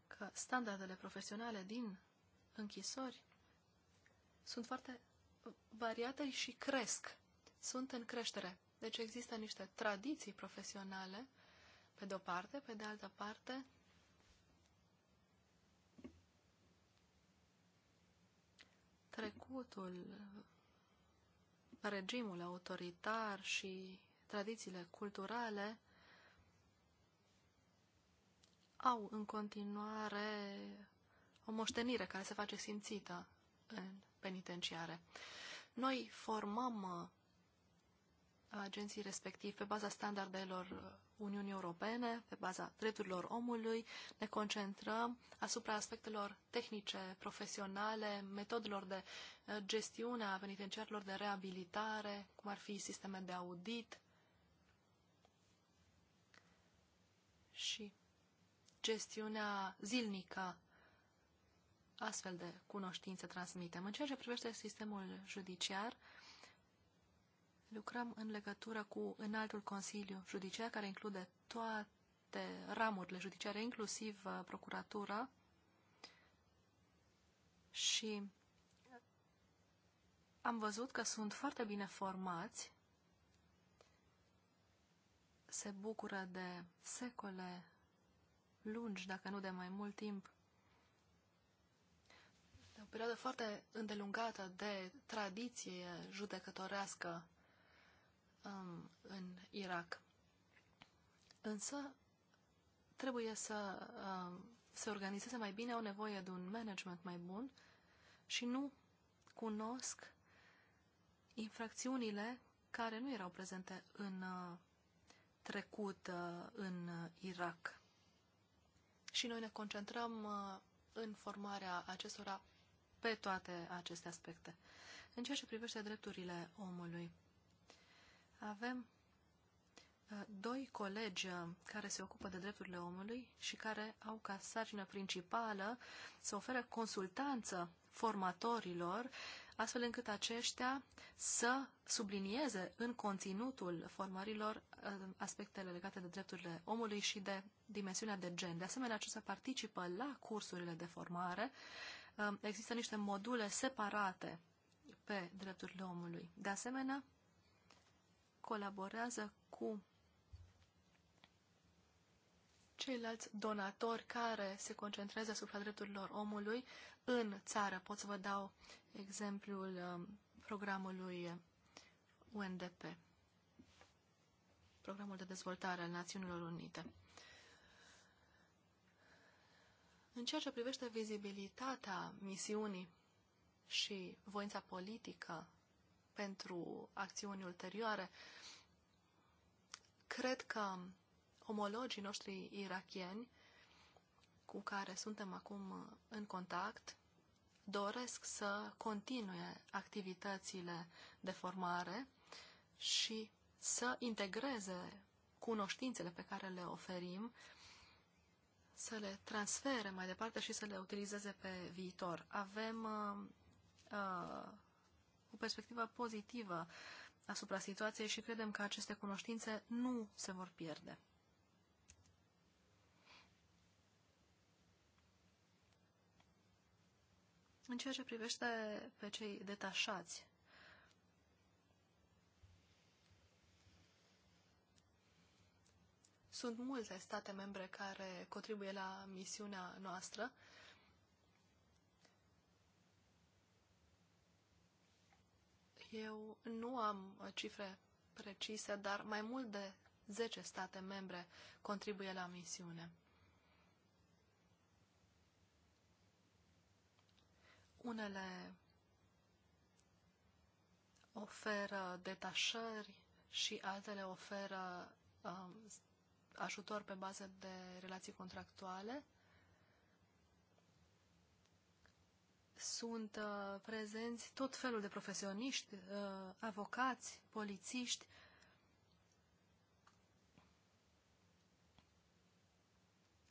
că standardele profesionale din închisori sunt foarte variate și cresc, sunt în creștere. Deci există niște tradiții profesionale, pe de o parte, pe de altă parte, trecutul, regimul autoritar și tradițiile culturale au în continuare o moștenire care se face simțită în penitenciare. Noi formăm uh, agenții respectivi pe baza standardelor Uniunii Europene, pe baza drepturilor omului, ne concentrăm asupra aspectelor tehnice, profesionale, metodelor de uh, gestiune a penitenciarilor de reabilitare, cum ar fi sisteme de audit și gestiunea zilnică astfel de cunoștințe transmitem. În ceea ce privește sistemul judiciar, lucrăm în legătură cu înaltul Consiliu Judiciar, care include toate ramurile judiciare, inclusiv uh, procuratura și am văzut că sunt foarte bine formați, se bucură de secole lungi, dacă nu de mai mult timp, perioadă foarte îndelungată de tradiție judecătorească um, în Irak. Însă trebuie să um, se organizeze mai bine, au nevoie de un management mai bun și nu cunosc infracțiunile care nu erau prezente în uh, trecut uh, în Irak. Și noi ne concentrăm uh, în formarea acestora pe toate aceste aspecte. În ceea ce privește drepturile omului, avem uh, doi colegi uh, care se ocupă de drepturile omului și care au ca sarcină principală să ofere consultanță formatorilor, astfel încât aceștia să sublinieze în conținutul formărilor uh, aspectele legate de drepturile omului și de dimensiunea de gen. De asemenea, aceștia participă la cursurile de formare Um, există niște module separate pe drepturile omului. De asemenea, colaborează cu ceilalți donatori care se concentrează asupra drepturilor omului în țară. Pot să vă dau exemplul um, programului UNDP, programul de dezvoltare al Națiunilor Unite. În ceea ce privește vizibilitatea misiunii și voința politică pentru acțiuni ulterioare, cred că omologii noștri irachieni cu care suntem acum în contact doresc să continue activitățile de formare și să integreze cunoștințele pe care le oferim să le transfere mai departe și să le utilizeze pe viitor. Avem uh, uh, o perspectivă pozitivă asupra situației și credem că aceste cunoștințe nu se vor pierde. În ceea ce privește pe cei detașați, Sunt multe state membre care contribuie la misiunea noastră. Eu nu am cifre precise, dar mai mult de 10 state membre contribuie la misiune. Unele oferă detașări și altele oferă uh, ajutor pe bază de relații contractuale. Sunt uh, prezenți tot felul de profesioniști, uh, avocați, polițiști.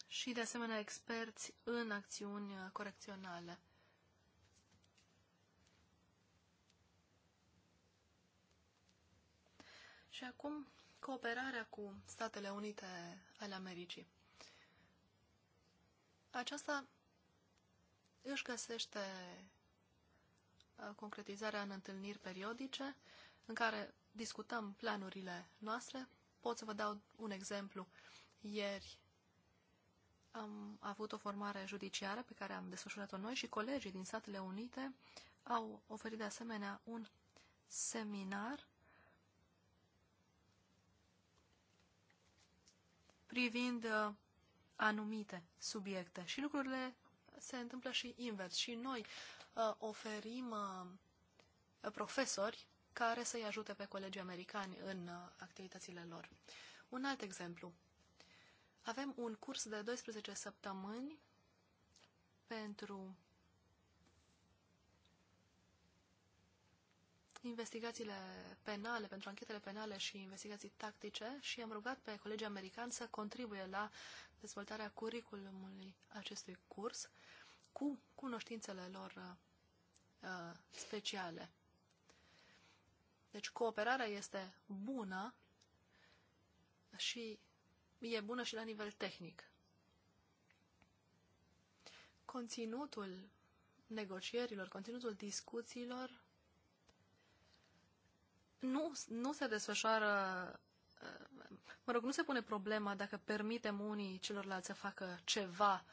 Și, de asemenea, experți în acțiuni corecționale. Și acum cooperarea cu Statele Unite ale Americii. Aceasta își găsește uh, concretizarea în întâlniri periodice în care discutăm planurile noastre. Pot să vă dau un exemplu. Ieri am avut o formare judiciară pe care am desfășurat-o noi și colegii din Statele Unite au oferit de asemenea un seminar privind uh, anumite subiecte. Și lucrurile se întâmplă și invers. Și noi uh, oferim uh, profesori care să-i ajute pe colegii americani în activitățile lor. Un alt exemplu. Avem un curs de 12 săptămâni pentru investigațiile penale, pentru anchetele penale și investigații tactice și am rugat pe colegii americani să contribuie la dezvoltarea curriculumului acestui curs cu cunoștințele lor uh, speciale. Deci cooperarea este bună și e bună și la nivel tehnic. Conținutul negocierilor, conținutul discuțiilor nu, nu se desfășoară uh, mă rog, nu se pune problema dacă permitem unii celorlalți să facă ceva.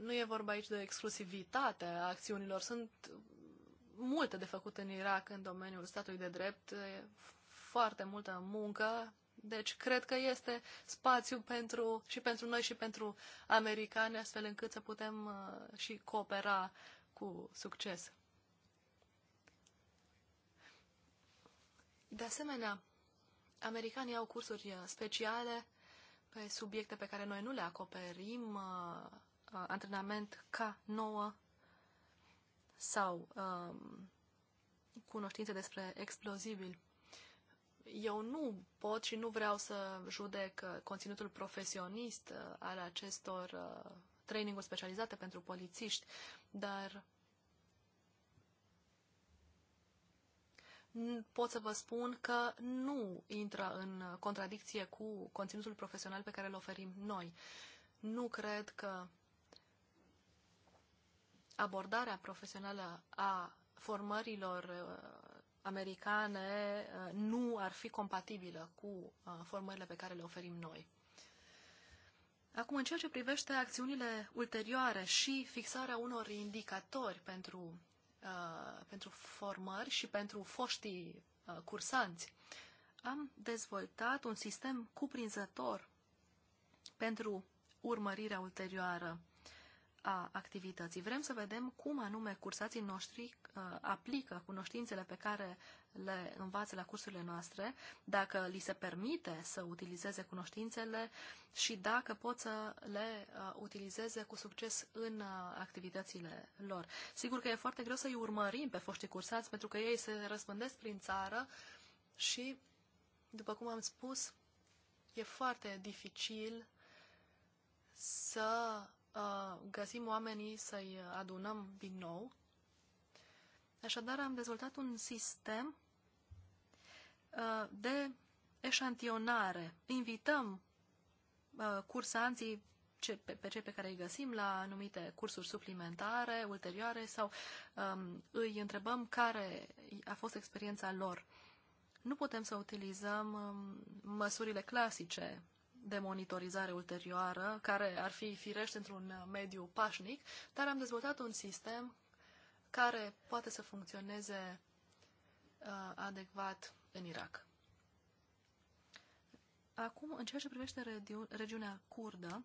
Nu e vorba aici de exclusivitate a acțiunilor. Sunt multe de făcut în Irak în domeniul statului de drept, e foarte multă muncă, deci cred că este spațiu pentru, și pentru noi și pentru americani, astfel încât să putem uh, și coopera cu succes. De asemenea, americanii au cursuri uh, speciale pe subiecte pe care noi nu le acoperim, uh, uh, antrenament K9 sau um, cunoștințe despre explozibil. Eu nu pot și nu vreau să judec conținutul profesionist al acestor training-uri specializate pentru polițiști, dar pot să vă spun că nu intră în contradicție cu conținutul profesional pe care îl oferim noi. Nu cred că abordarea profesională a formărilor uh, americane uh, nu ar fi compatibilă cu uh, formările pe care le oferim noi. Acum, în ceea ce privește acțiunile ulterioare și fixarea unor indicatori pentru Uh, pentru formări și pentru foștii uh, cursanți. Am dezvoltat un sistem cuprinzător pentru urmărirea ulterioară a activității. Vrem să vedem cum anume cursații noștri uh, aplică cunoștințele pe care le învață la cursurile noastre, dacă li se permite să utilizeze cunoștințele și dacă pot să le uh, utilizeze cu succes în uh, activitățile lor. Sigur că e foarte greu să-i urmărim pe foștii cursați pentru că ei se răspândesc prin țară și, după cum am spus, e foarte dificil să Uh, găsim oamenii, să-i adunăm din nou. Așadar, am dezvoltat un sistem uh, de eșantionare. Invităm uh, cursanții pe, cei pe care îi găsim la anumite cursuri suplimentare, ulterioare, sau um, îi întrebăm care a fost experiența lor. Nu putem să utilizăm um, măsurile clasice de monitorizare ulterioară, care ar fi firește într-un mediu pașnic, dar am dezvoltat un sistem care poate să funcționeze uh, adecvat în Irak. Acum, în ceea ce privește regiu regiunea kurdă,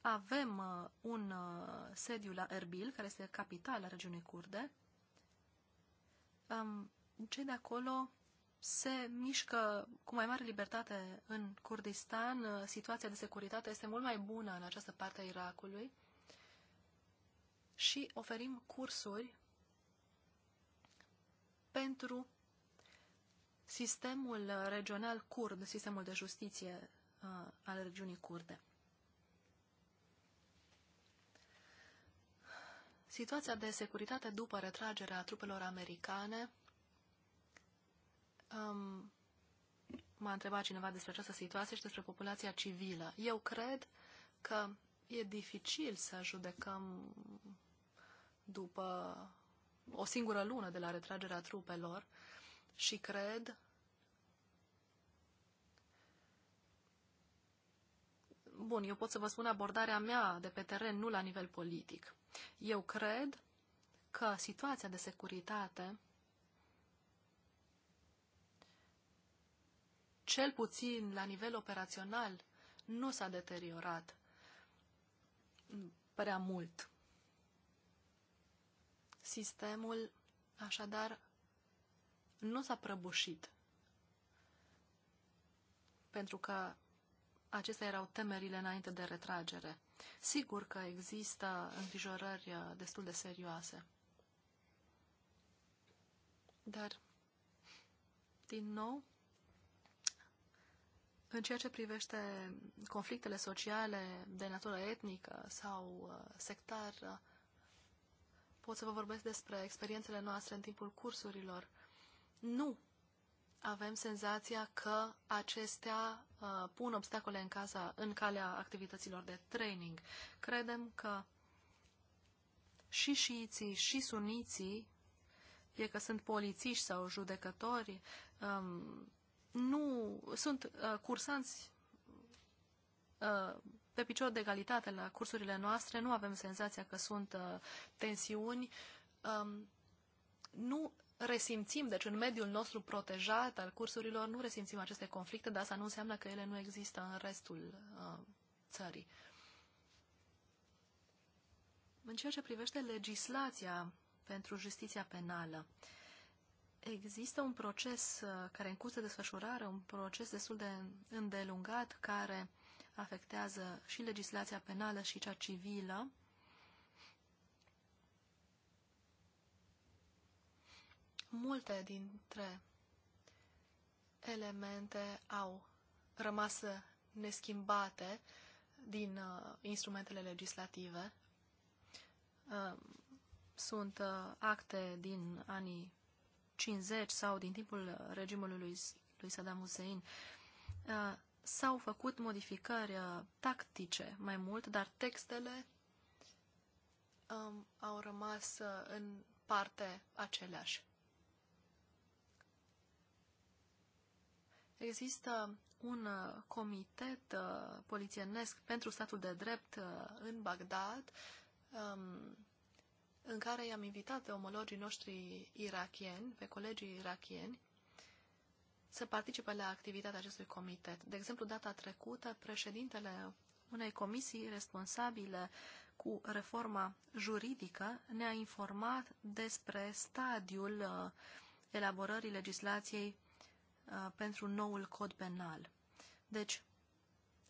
avem uh, un uh, sediu la Erbil, care este capitala regiunii kurde. Um, cei de acolo se mișcă cu mai mare libertate în Kurdistan. Situația de securitate este mult mai bună în această parte a Irakului și oferim cursuri pentru sistemul regional curd, sistemul de justiție uh, al regiunii curde. Situația de securitate după retragerea trupelor americane Um, m-a întrebat cineva despre această situație și despre populația civilă. Eu cred că e dificil să judecăm după o singură lună de la retragerea trupelor și cred Bun, eu pot să vă spun abordarea mea de pe teren, nu la nivel politic. Eu cred că situația de securitate cel puțin la nivel operațional, nu s-a deteriorat prea mult. Sistemul, așadar, nu s-a prăbușit. Pentru că acestea erau temerile înainte de retragere. Sigur că există îngrijorări uh, destul de serioase. Dar, din nou, în ceea ce privește conflictele sociale de natură etnică sau uh, sectară, pot să vă vorbesc despre experiențele noastre în timpul cursurilor. Nu avem senzația că acestea uh, pun obstacole în, casa, în calea activităților de training. Credem că și șiiții și suniții, fie că sunt polițiști sau judecători, um, nu sunt uh, cursanți uh, pe picior de egalitate la cursurile noastre, nu avem senzația că sunt uh, tensiuni, um, nu resimțim, deci în mediul nostru protejat al cursurilor, nu resimțim aceste conflicte, dar asta nu înseamnă că ele nu există în restul uh, țării. În ceea ce privește legislația pentru justiția penală, uh, Există un proces uh, care în curs de desfășurare, un proces destul de îndelungat care afectează și legislația penală și cea civilă. Multe dintre elemente au rămas neschimbate din uh, instrumentele legislative. Uh, sunt uh, acte din anii 50 sau din timpul regimului lui, lui Saddam Hussein, uh, s-au făcut modificări uh, tactice mai mult, dar textele um, au rămas uh, în parte aceleași. Există un comitet polițienesc pentru statul de drept în Bagdad, um, în care i-am invitat pe omologii noștri irachieni, pe colegii irachieni, să participe la activitatea acestui comitet. De exemplu, data trecută, președintele unei comisii responsabile cu reforma juridică ne-a informat despre stadiul uh, elaborării legislației uh, pentru noul cod penal. Deci,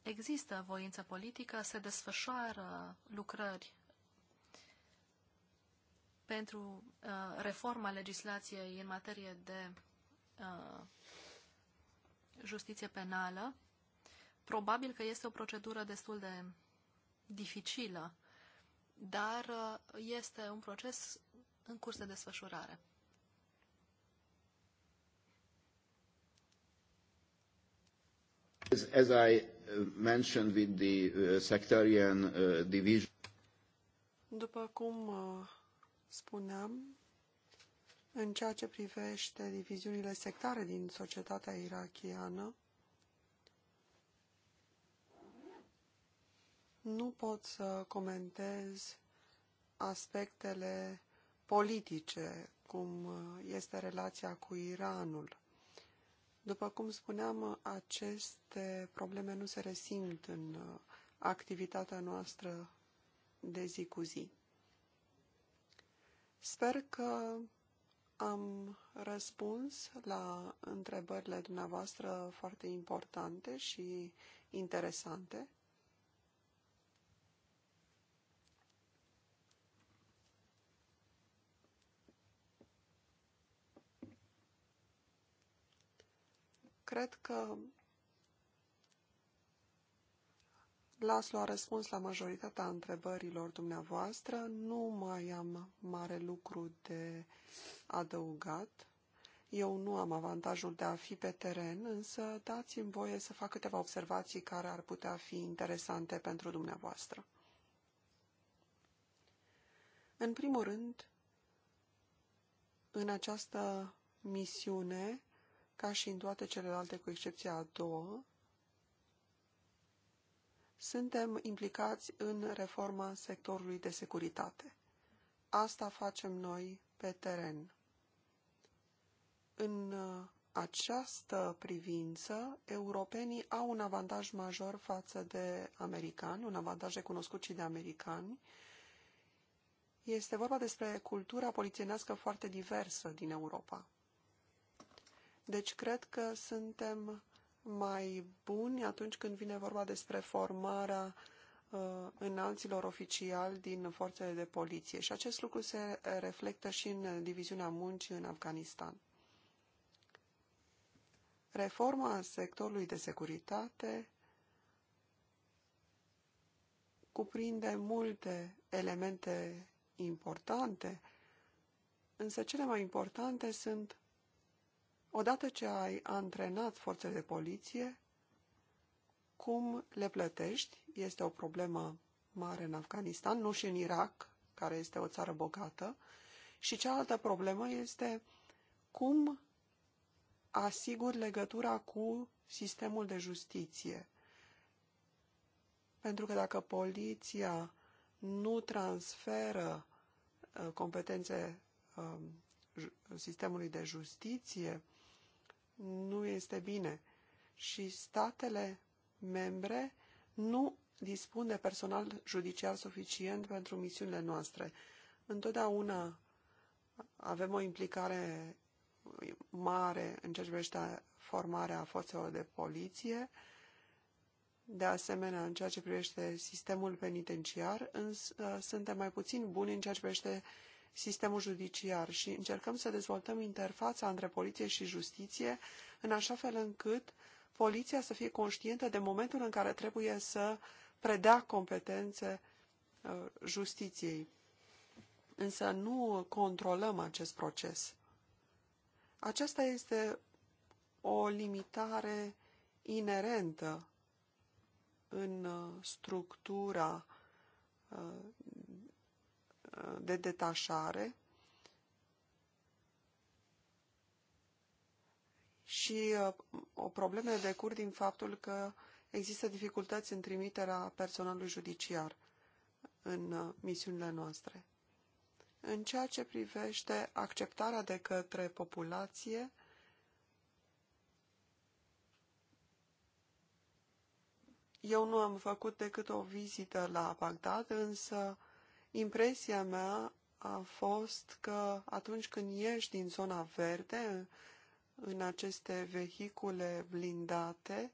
există voință politică, se desfășoară lucrări pentru uh, reforma legislației în materie de uh, justiție penală, probabil că este o procedură destul de dificilă, dar uh, este un proces în curs de desfășurare. As, as I uh, mentioned with the uh, sectarian uh, division, după cum uh, spuneam, în ceea ce privește diviziunile sectare din societatea irachiană, nu pot să comentez aspectele politice, cum este relația cu Iranul. După cum spuneam, aceste probleme nu se resimt în activitatea noastră de zi cu zi. Sper că am răspuns la întrebările dumneavoastră foarte importante și interesante. Cred că Laslo a răspuns la majoritatea întrebărilor dumneavoastră. Nu mai am mare lucru de adăugat. Eu nu am avantajul de a fi pe teren, însă dați-mi voie să fac câteva observații care ar putea fi interesante pentru dumneavoastră. În primul rând, în această misiune, ca și în toate celelalte, cu excepția a doua, suntem implicați în reforma sectorului de securitate. Asta facem noi pe teren. În uh, această privință, europenii au un avantaj major față de americani, un avantaj recunoscut și de americani. Este vorba despre cultura polițienească foarte diversă din Europa. Deci cred că suntem mai buni atunci când vine vorba despre formarea uh, înalților oficiali din forțele de poliție și acest lucru se reflectă și în diviziunea muncii în Afganistan. Reforma sectorului de securitate cuprinde multe elemente importante, însă cele mai importante sunt Odată ce ai antrenat forțe de poliție, cum le plătești? Este o problemă mare în Afganistan, nu și în Irak, care este o țară bogată. Și cealaltă problemă este cum asigur legătura cu sistemul de justiție. Pentru că dacă poliția nu transferă uh, competențe um, sistemului de justiție, nu este bine și statele membre nu dispun de personal judiciar suficient pentru misiunile noastre. Întotdeauna avem o implicare mare în ce privește formarea forțelor de poliție, de asemenea în ceea ce privește sistemul penitenciar, însă suntem mai puțin buni în ceea ce privește sistemul judiciar și încercăm să dezvoltăm interfața între poliție și justiție în așa fel încât poliția să fie conștientă de momentul în care trebuie să predea competențe uh, justiției. Însă nu controlăm acest proces. Aceasta este o limitare inerentă în uh, structura uh, de detașare și uh, o probleme decur din faptul că există dificultăți în trimiterea personalului judiciar în uh, misiunile noastre. În ceea ce privește acceptarea de către populație, eu nu am făcut decât o vizită la Bagdad, însă Impresia mea a fost că atunci când ieși din zona verde, în aceste vehicule blindate,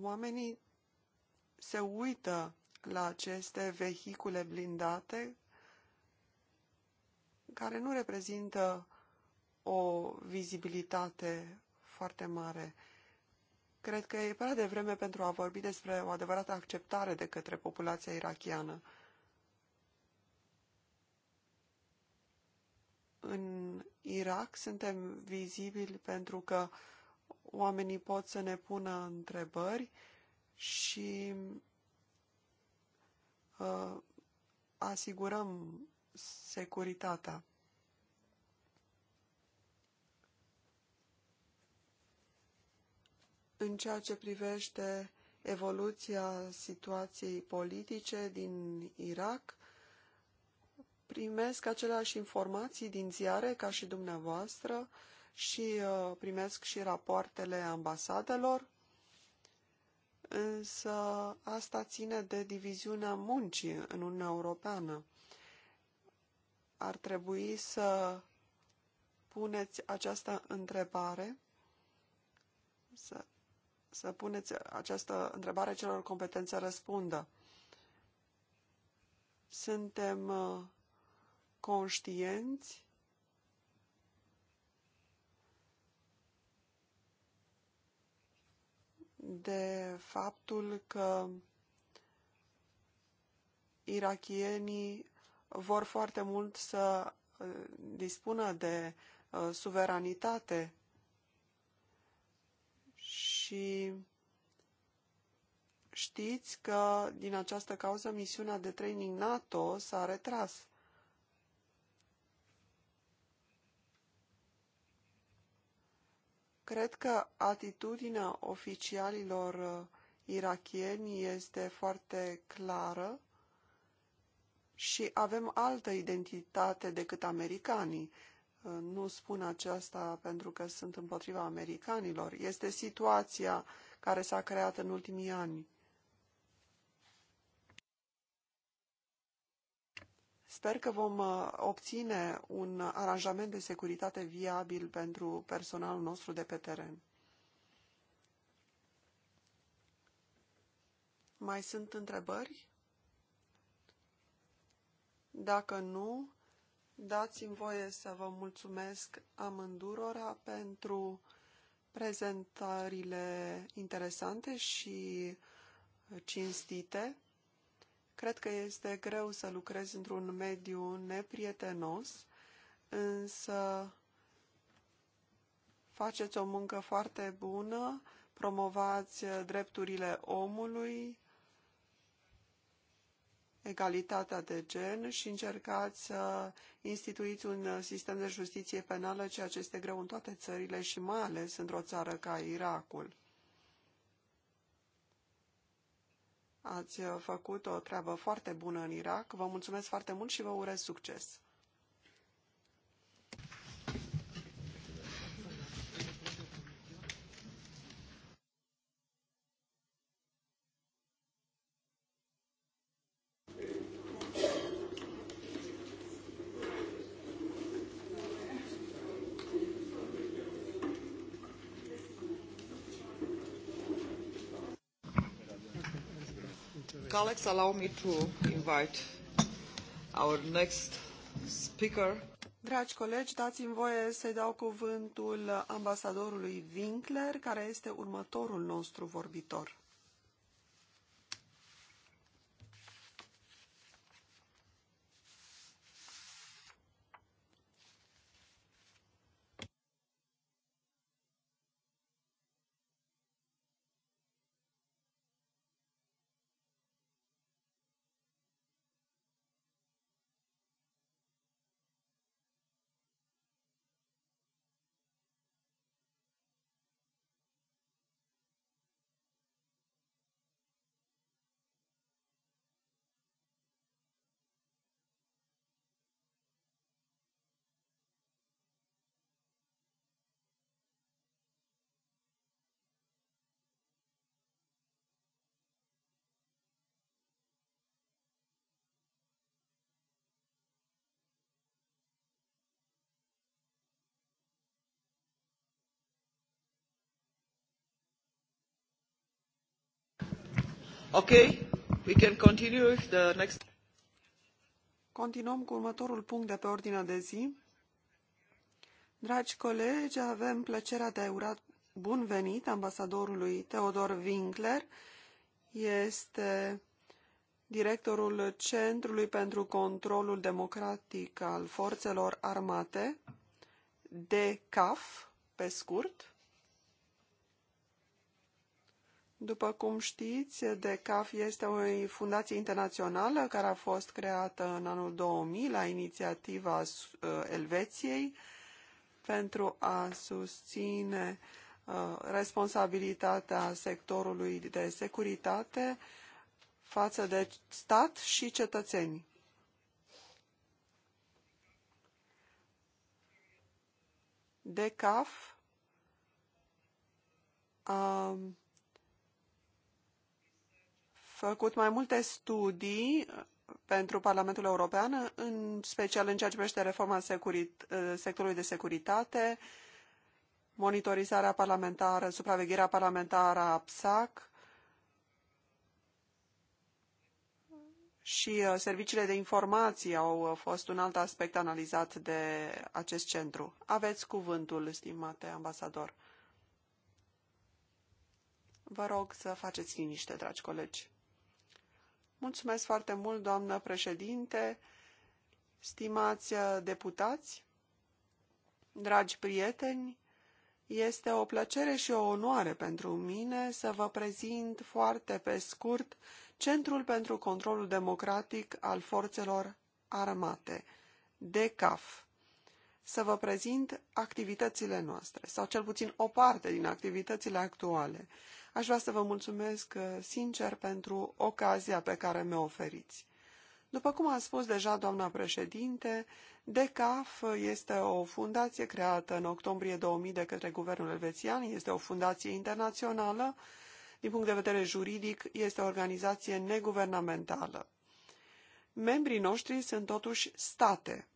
oamenii se uită la aceste vehicule blindate care nu reprezintă o vizibilitate foarte mare. Cred că e prea devreme pentru a vorbi despre o adevărată acceptare de către populația irachiană. În Irak suntem vizibili pentru că oamenii pot să ne pună întrebări și uh, asigurăm securitatea. în ceea ce privește evoluția situației politice din Irak, primesc aceleași informații din ziare ca și dumneavoastră și uh, primesc și rapoartele ambasadelor, însă asta ține de diviziunea muncii în Uniunea Europeană. Ar trebui să puneți această întrebare, să să puneți această întrebare celor competenți să răspundă. Suntem uh, conștienți de faptul că irachienii vor foarte mult să uh, dispună de uh, suveranitate și știți că din această cauză misiunea de training NATO s-a retras. Cred că atitudinea oficialilor uh, irachieni este foarte clară și avem altă identitate decât americanii nu spun aceasta pentru că sunt împotriva americanilor, este situația care s-a creat în ultimii ani. Sper că vom uh, obține un aranjament de securitate viabil pentru personalul nostru de pe teren. Mai sunt întrebări? Dacă nu, Dați-mi voie să vă mulțumesc amândurora pentru prezentările interesante și cinstite. Cred că este greu să lucrezi într-un mediu neprietenos, însă faceți o muncă foarte bună, promovați drepturile omului, egalitatea de gen și încercați să instituiți un uh, sistem de justiție penală, ceea ce este greu în toate țările și mai ales într-o țară ca Irakul. Ați uh, făcut o treabă foarte bună în Irak. Vă mulțumesc foarte mult și vă urez succes! colleagues, allow me to invite our next speaker. Dragi colegi, dați-mi voie să-i dau cuvântul ambasadorului Winkler, care este următorul nostru vorbitor. Ok, we can continue with the next... Continuăm cu următorul punct de pe ordinea de zi. Dragi colegi, avem plăcerea de a ura bun venit ambasadorului Teodor Winkler. Este directorul Centrului pentru Controlul Democratic al Forțelor Armate, DCAF, pe scurt. După cum știți, DECAF este o fundație internațională care a fost creată în anul 2000 la inițiativa uh, Elveției pentru a susține uh, responsabilitatea sectorului de securitate față de stat și cetățeni. DECAF a făcut mai multe studii uh, pentru Parlamentul European, în special în ceea ce privește reforma uh, sectorului de securitate, monitorizarea parlamentară, supravegherea parlamentară a PSAC și uh, serviciile de informații au fost un alt aspect analizat de acest centru. Aveți cuvântul, stimate ambasador. Vă rog să faceți liniște, dragi colegi. Mulțumesc foarte mult, doamnă președinte, stimați uh, deputați, dragi prieteni, este o plăcere și o onoare pentru mine să vă prezint foarte pe scurt Centrul pentru Controlul Democratic al Forțelor Armate, DECAF. Să vă prezint activitățile noastre, sau cel puțin o parte din activitățile actuale. Aș vrea să vă mulțumesc uh, sincer pentru ocazia pe care mi-o oferiți. După cum a spus deja doamna președinte, DECAF este o fundație creată în octombrie 2000 de către guvernul elvețian, este o fundație internațională, din punct de vedere juridic este o organizație neguvernamentală. Membrii noștri sunt totuși state.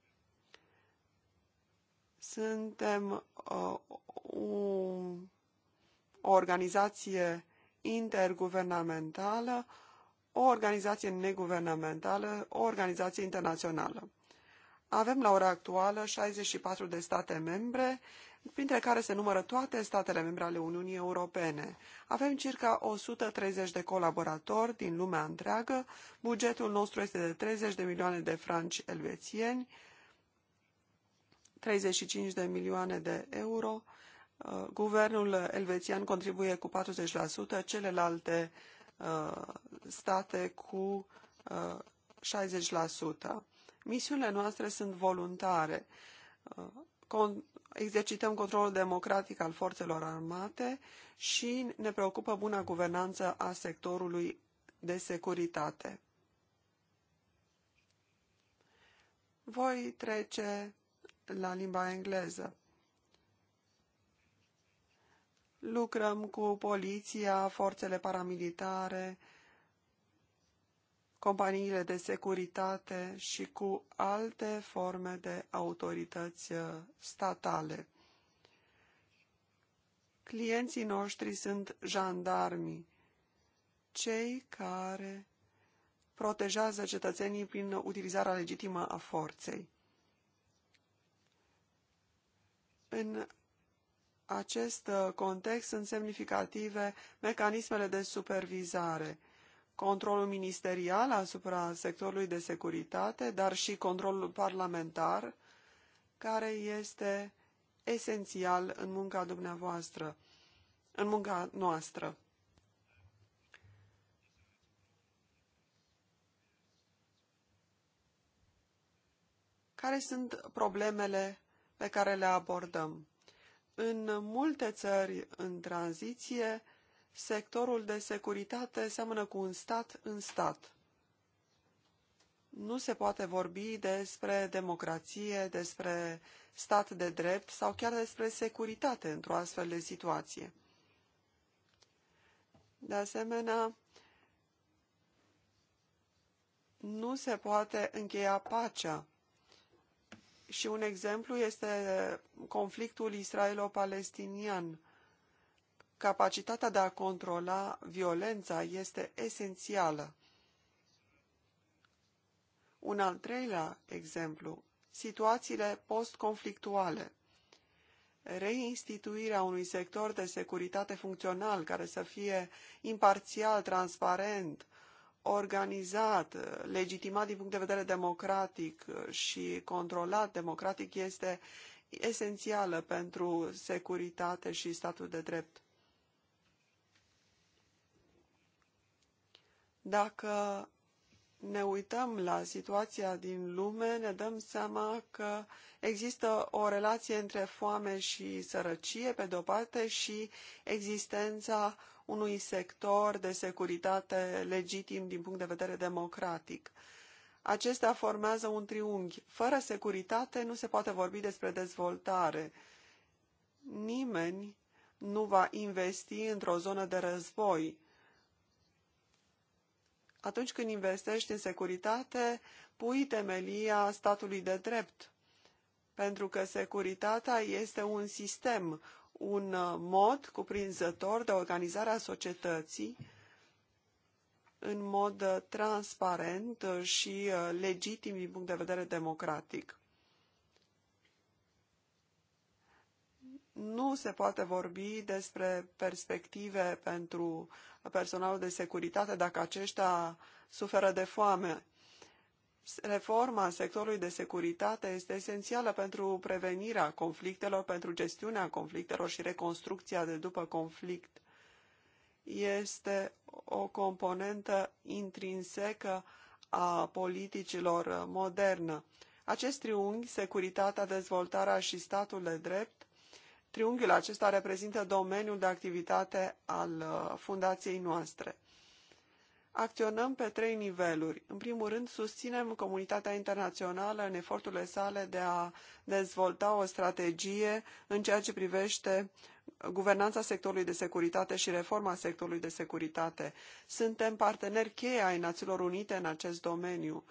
Suntem uh, un o organizație interguvernamentală, o organizație neguvernamentală, o organizație internațională. Avem la ora actuală 64 de state membre, printre care se numără toate statele membre ale Uniunii Europene. Avem circa 130 de colaboratori din lumea întreagă, bugetul nostru este de 30 de milioane de franci elvețieni, 35 de milioane de euro Uh, guvernul elvețian contribuie cu 40%, celelalte uh, state cu 60%. Uh, Misiunile noastre sunt voluntare. Con exercităm controlul democratic al forțelor armate și ne preocupă buna guvernanță a sectorului de securitate. Voi trece la limba engleză. Lucrăm cu poliția, forțele paramilitare, companiile de securitate și cu alte forme de autorități uh, statale. Clienții noștri sunt jandarmii, cei care protejează cetățenii prin utilizarea legitimă a forței. În acest uh, context sunt semnificative mecanismele de supervizare, controlul ministerial asupra sectorului de securitate, dar și controlul parlamentar, care este esențial în munca dumneavoastră, în munca noastră. Care sunt problemele pe care le abordăm? În multe țări în tranziție, sectorul de securitate seamănă cu un stat în stat. Nu se poate vorbi despre democrație, despre stat de drept sau chiar despre securitate într-o astfel de situație. De asemenea, nu se poate încheia pacea și un exemplu este conflictul israelo-palestinian. Capacitatea de a controla violența este esențială. Un al treilea exemplu, situațiile postconflictuale. Reinstituirea unui sector de securitate funcțional care să fie imparțial, transparent, organizat, legitimat din punct de vedere democratic și controlat democratic este esențială pentru securitate și statul de drept. Dacă ne uităm la situația din lume, ne dăm seama că există o relație între foame și sărăcie, pe de-o parte, și existența unui sector de securitate legitim din punct de vedere democratic. Acestea formează un triunghi. Fără securitate nu se poate vorbi despre dezvoltare. Nimeni nu va investi într-o zonă de război. Atunci când investești în securitate, pui temelia statului de drept, pentru că securitatea este un sistem, un uh, mod cuprinzător de organizare a societății în mod uh, transparent uh, și legitim din punct de vedere democratic. Nu se poate vorbi despre perspective pentru personalul de securitate dacă aceștia suferă de foame Reforma sectorului de securitate este esențială pentru prevenirea conflictelor, pentru gestiunea conflictelor și reconstrucția de după conflict. Este o componentă intrinsecă a politicilor modernă. Acest triunghi, securitatea, dezvoltarea și statul de drept, triunghiul acesta reprezintă domeniul de activitate al uh, fundației noastre acționăm pe trei niveluri. În primul rând, susținem comunitatea internațională în eforturile sale de a dezvolta o strategie în ceea ce privește guvernanța sectorului de securitate și reforma sectorului de securitate. Suntem parteneri cheie ai Națiunilor Unite în acest domeniu.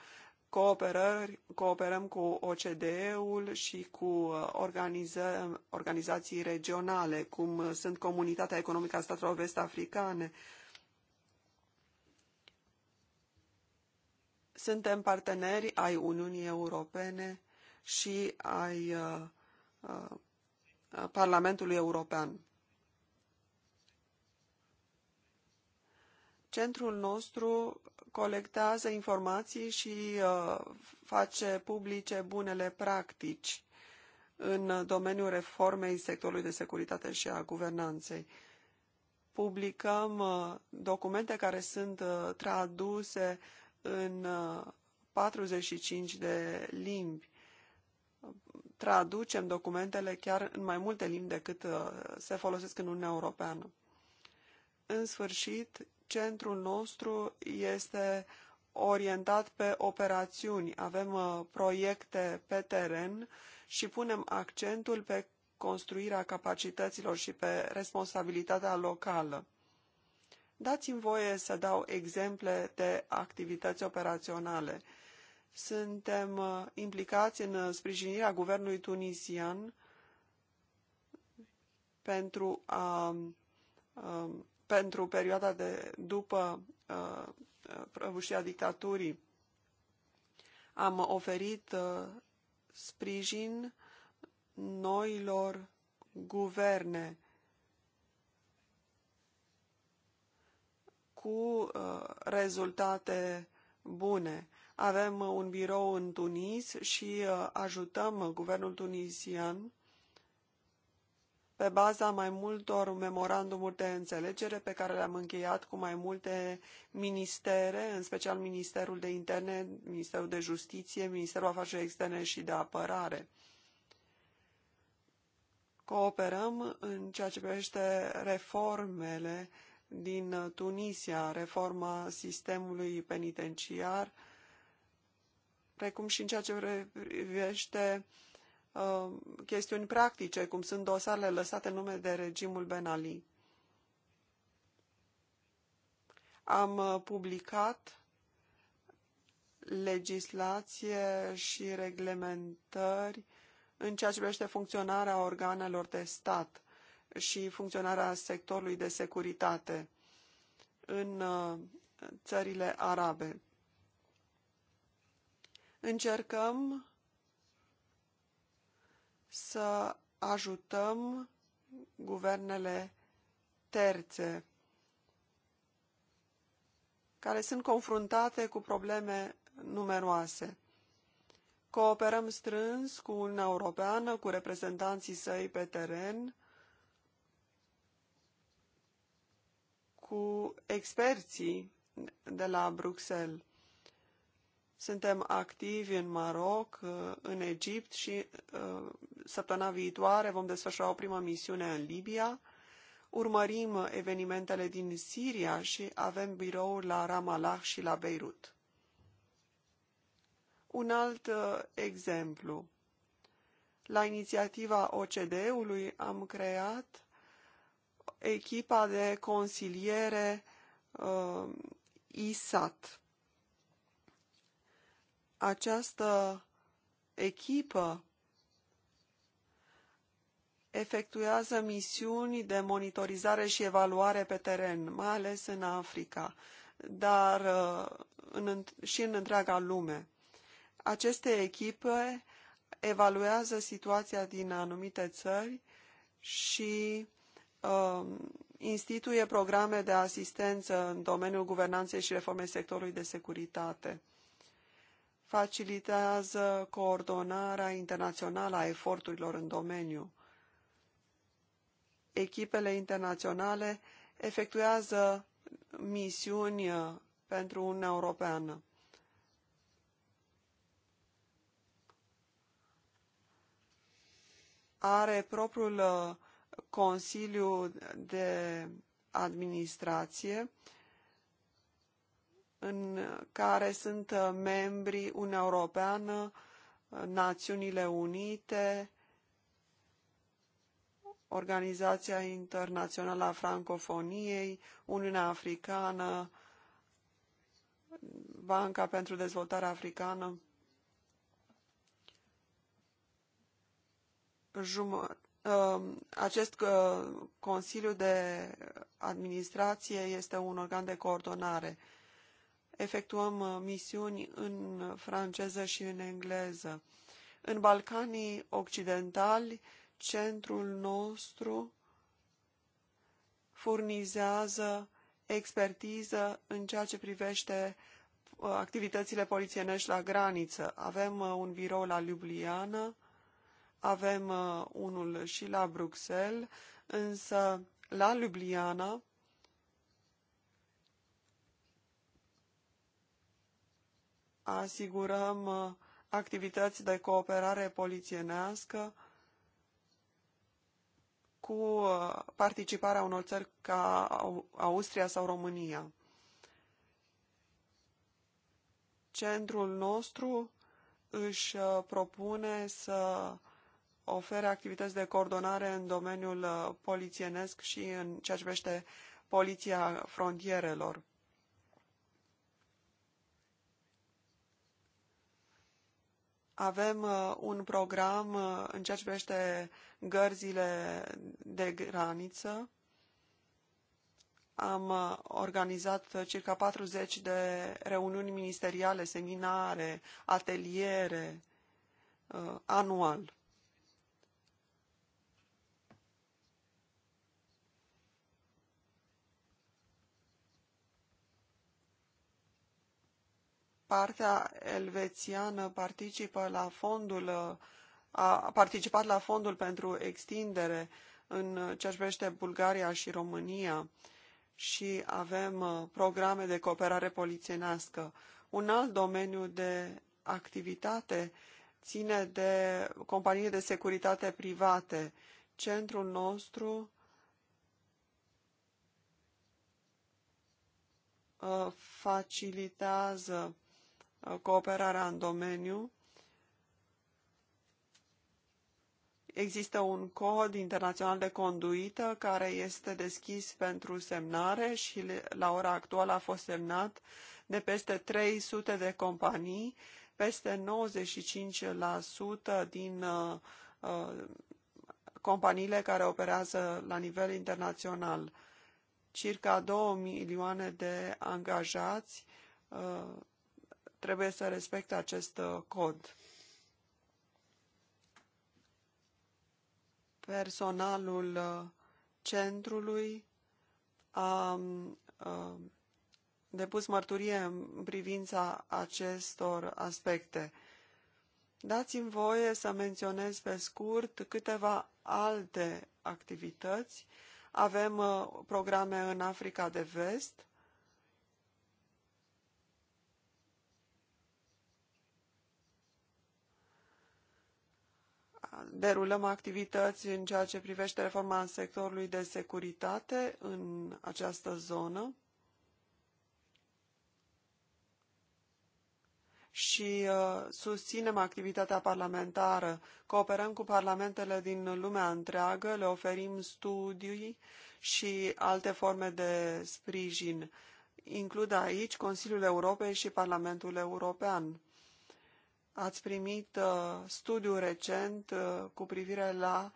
cooperăm cu OCDE-ul și cu uh, organizații regionale, cum uh, sunt Comunitatea Economică a Statelor Vest-Africane, Suntem parteneri ai Uniunii Europene și ai uh, uh, Parlamentului European. Centrul nostru colectează informații și uh, face publice bunele practici în domeniul reformei sectorului de securitate și a guvernanței. Publicăm documente care sunt traduse în 45 uh, de limbi. Traducem documentele chiar în mai multe limbi decât uh, se folosesc în Uniunea Europeană. În sfârșit, centrul nostru este orientat pe operațiuni. Avem uh, proiecte pe teren și punem accentul pe construirea capacităților și pe responsabilitatea locală. Dați-mi voie să dau exemple de activități operaționale. Suntem uh, implicați în uh, sprijinirea guvernului tunisian pentru, a, a um, pentru perioada de după uh, prăbușirea dictaturii. Am oferit a, sprijin noilor guverne cu uh, rezultate bune. Avem un birou în Tunis și uh, ajutăm guvernul tunisian pe baza mai multor memorandumuri de înțelegere pe care le-am încheiat cu mai multe ministere, în special Ministerul de Interne, Ministerul de Justiție, Ministerul Afacerilor Externe și de Apărare. Cooperăm în ceea ce privește reformele din uh, Tunisia, reforma sistemului penitenciar, precum și în ceea ce privește uh, chestiuni practice, cum sunt dosarele lăsate în nume de regimul Ben Ali. Am uh, publicat legislație și reglementări în ceea ce privește funcționarea organelor de stat și funcționarea sectorului de securitate în uh, țările arabe. Încercăm să ajutăm guvernele terțe care sunt confruntate cu probleme numeroase. Cooperăm strâns cu Uniunea Europeană, cu reprezentanții săi pe teren, cu experții de la Bruxelles. Suntem activi în Maroc, uh, în Egipt și uh, săptămâna viitoare vom desfășura o primă misiune în Libia. Urmărim evenimentele din Siria și avem birouri la Ramallah și la Beirut. Un alt uh, exemplu. La inițiativa OCDE-ului am creat echipa de consiliere uh, ISAT. Această echipă efectuează misiuni de monitorizare și evaluare pe teren, mai ales în Africa, dar uh, în, și în întreaga lume. Aceste echipe evaluează situația din anumite țări și Um, instituie programe de asistență în domeniul guvernanței și reformei sectorului de securitate. Facilitează coordonarea internațională a eforturilor în domeniu. Echipele internaționale efectuează misiuni uh, pentru Uniunea Europeană. Are propriul uh, Consiliu de Administrație în care sunt uh, membri Uniunea Europeană, uh, Națiunile Unite, Organizația Internațională a Francofoniei, Uniunea Africană, Banca pentru Dezvoltare Africană. jumătate. Um, acest uh, Consiliu de Administrație este un organ de coordonare. Efectuăm uh, misiuni în franceză și în engleză. În Balcanii Occidentali, centrul nostru furnizează expertiză în ceea ce privește uh, activitățile polițienești la graniță. Avem un birou la Ljubljana, avem uh, unul și la Bruxelles, însă la Ljubljana asigurăm uh, activități de cooperare polițienească cu uh, participarea unor țări ca Austria sau România. Centrul nostru își propune să ofere activități de coordonare în domeniul uh, polițienesc și în ceea ce vește poliția frontierelor. Avem uh, un program uh, în ceea ce vește gărzile de graniță. Am organizat circa 40 de reuniuni ministeriale, seminare, ateliere anual. partea elvețiană participă la fondul, a participat la fondul pentru extindere în ceea ce privește Bulgaria și România și avem uh, programe de cooperare polițienească. Un alt domeniu de activitate ține de companii de securitate private. Centrul nostru uh, facilitează cooperarea în domeniu. Există un cod internațional de conduită care este deschis pentru semnare și la ora actuală a fost semnat de peste 300 de companii, peste 95% din uh, uh, companiile care operează la nivel internațional. Circa 2 milioane de angajați uh, trebuie să respecte acest uh, cod. Personalul uh, centrului a, uh, depus mărturie în privința acestor aspecte. Dați-mi voie să menționez pe scurt câteva alte activități. Avem programe în Africa de Vest, derulăm activități în ceea ce privește reforma sectorului de securitate în această zonă și uh, susținem activitatea parlamentară. Cooperăm cu parlamentele din lumea întreagă, le oferim studii și alte forme de sprijin. Includ aici Consiliul Europei și Parlamentul European ați primit uh, studiul recent uh, cu privire la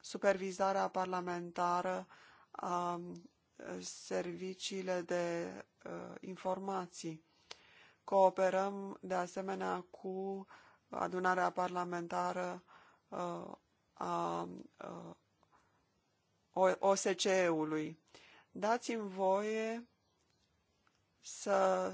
supervizarea parlamentară a uh, serviciile de informații. Cooperăm de asemenea cu adunarea parlamentară a OSCE-ului. Dați-mi voie să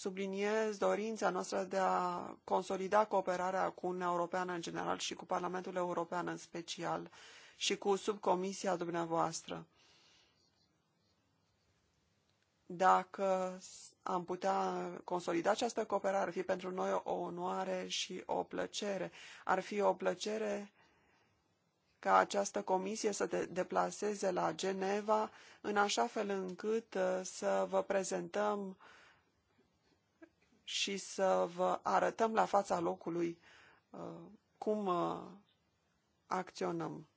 subliniez dorința noastră de a consolida cooperarea cu Uniunea Europeană în general și cu Parlamentul European în special și cu subcomisia dumneavoastră. Dacă am putea consolida această cooperare, ar fi pentru noi o onoare și o plăcere. Ar fi o plăcere ca această comisie să te deplaseze la Geneva în așa fel încât uh, să vă prezentăm și să vă arătăm la fața locului uh, cum uh, acționăm.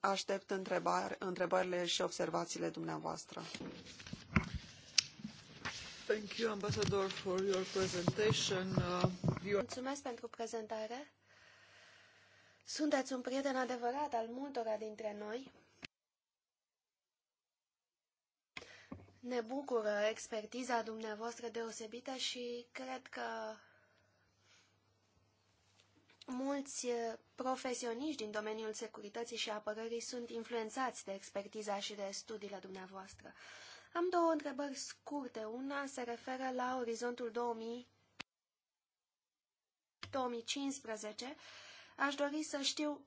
Aștept întrebări, întrebările și observațiile dumneavoastră. Thank you, Ambassador, for your presentation. Uh, you... Mulțumesc pentru prezentare. Sunteți un prieten adevărat al multora dintre noi Ne bucură expertiza dumneavoastră deosebită și cred că mulți profesioniști din domeniul securității și apărării sunt influențați de expertiza și de studiile dumneavoastră. Am două întrebări scurte. Una se referă la orizontul 2000, 2015. Aș dori să știu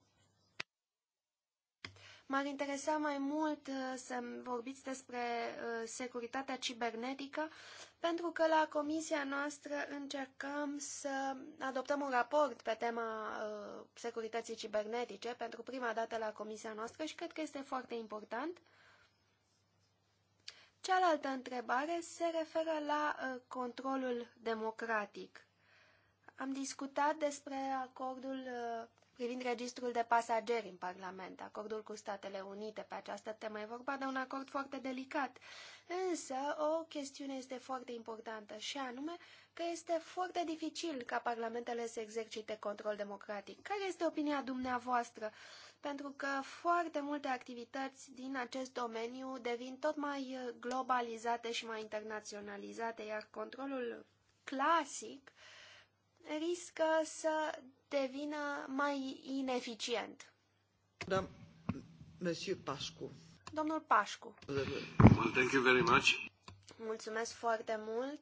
M-ar interesa mai mult uh, să vorbiți despre uh, securitatea cibernetică, pentru că la comisia noastră încercăm să adoptăm un raport pe tema uh, securității cibernetice pentru prima dată la comisia noastră și cred că este foarte important. Cealaltă întrebare se referă la controlul democratic. Am discutat despre acordul privind registrul de pasageri în Parlament, acordul cu Statele Unite pe această temă. E vorba de un acord foarte delicat, însă o chestiune este foarte importantă și anume că este foarte dificil ca parlamentele să exercite control democratic. Care este opinia dumneavoastră? Pentru că foarte multe activități din acest domeniu devin tot mai globalizate și mai internaționalizate, iar controlul clasic riscă să devină mai ineficient. Da, Monsieur Pașcu. Domnul Pașcu. Well, thank you very much. Mulțumesc foarte mult.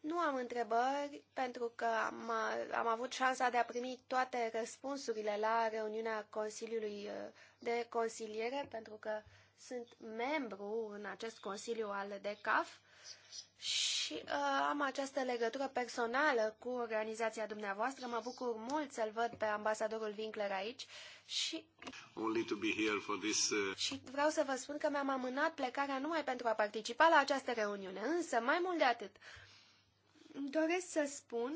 Nu am întrebări pentru că am, am avut șansa de a primi toate răspunsurile la reuniunea Consiliului uh, de Consiliere, pentru că sunt membru în acest Consiliu al DECAF și uh, am această legătură personală cu organizația dumneavoastră. Mă bucur mult să-l văd pe ambasadorul Winkler aici și, Only to be here for this, uh... și vreau să vă spun că mi-am amânat plecarea numai pentru a participa la această reuniune. Însă, mai mult de atât, doresc să spun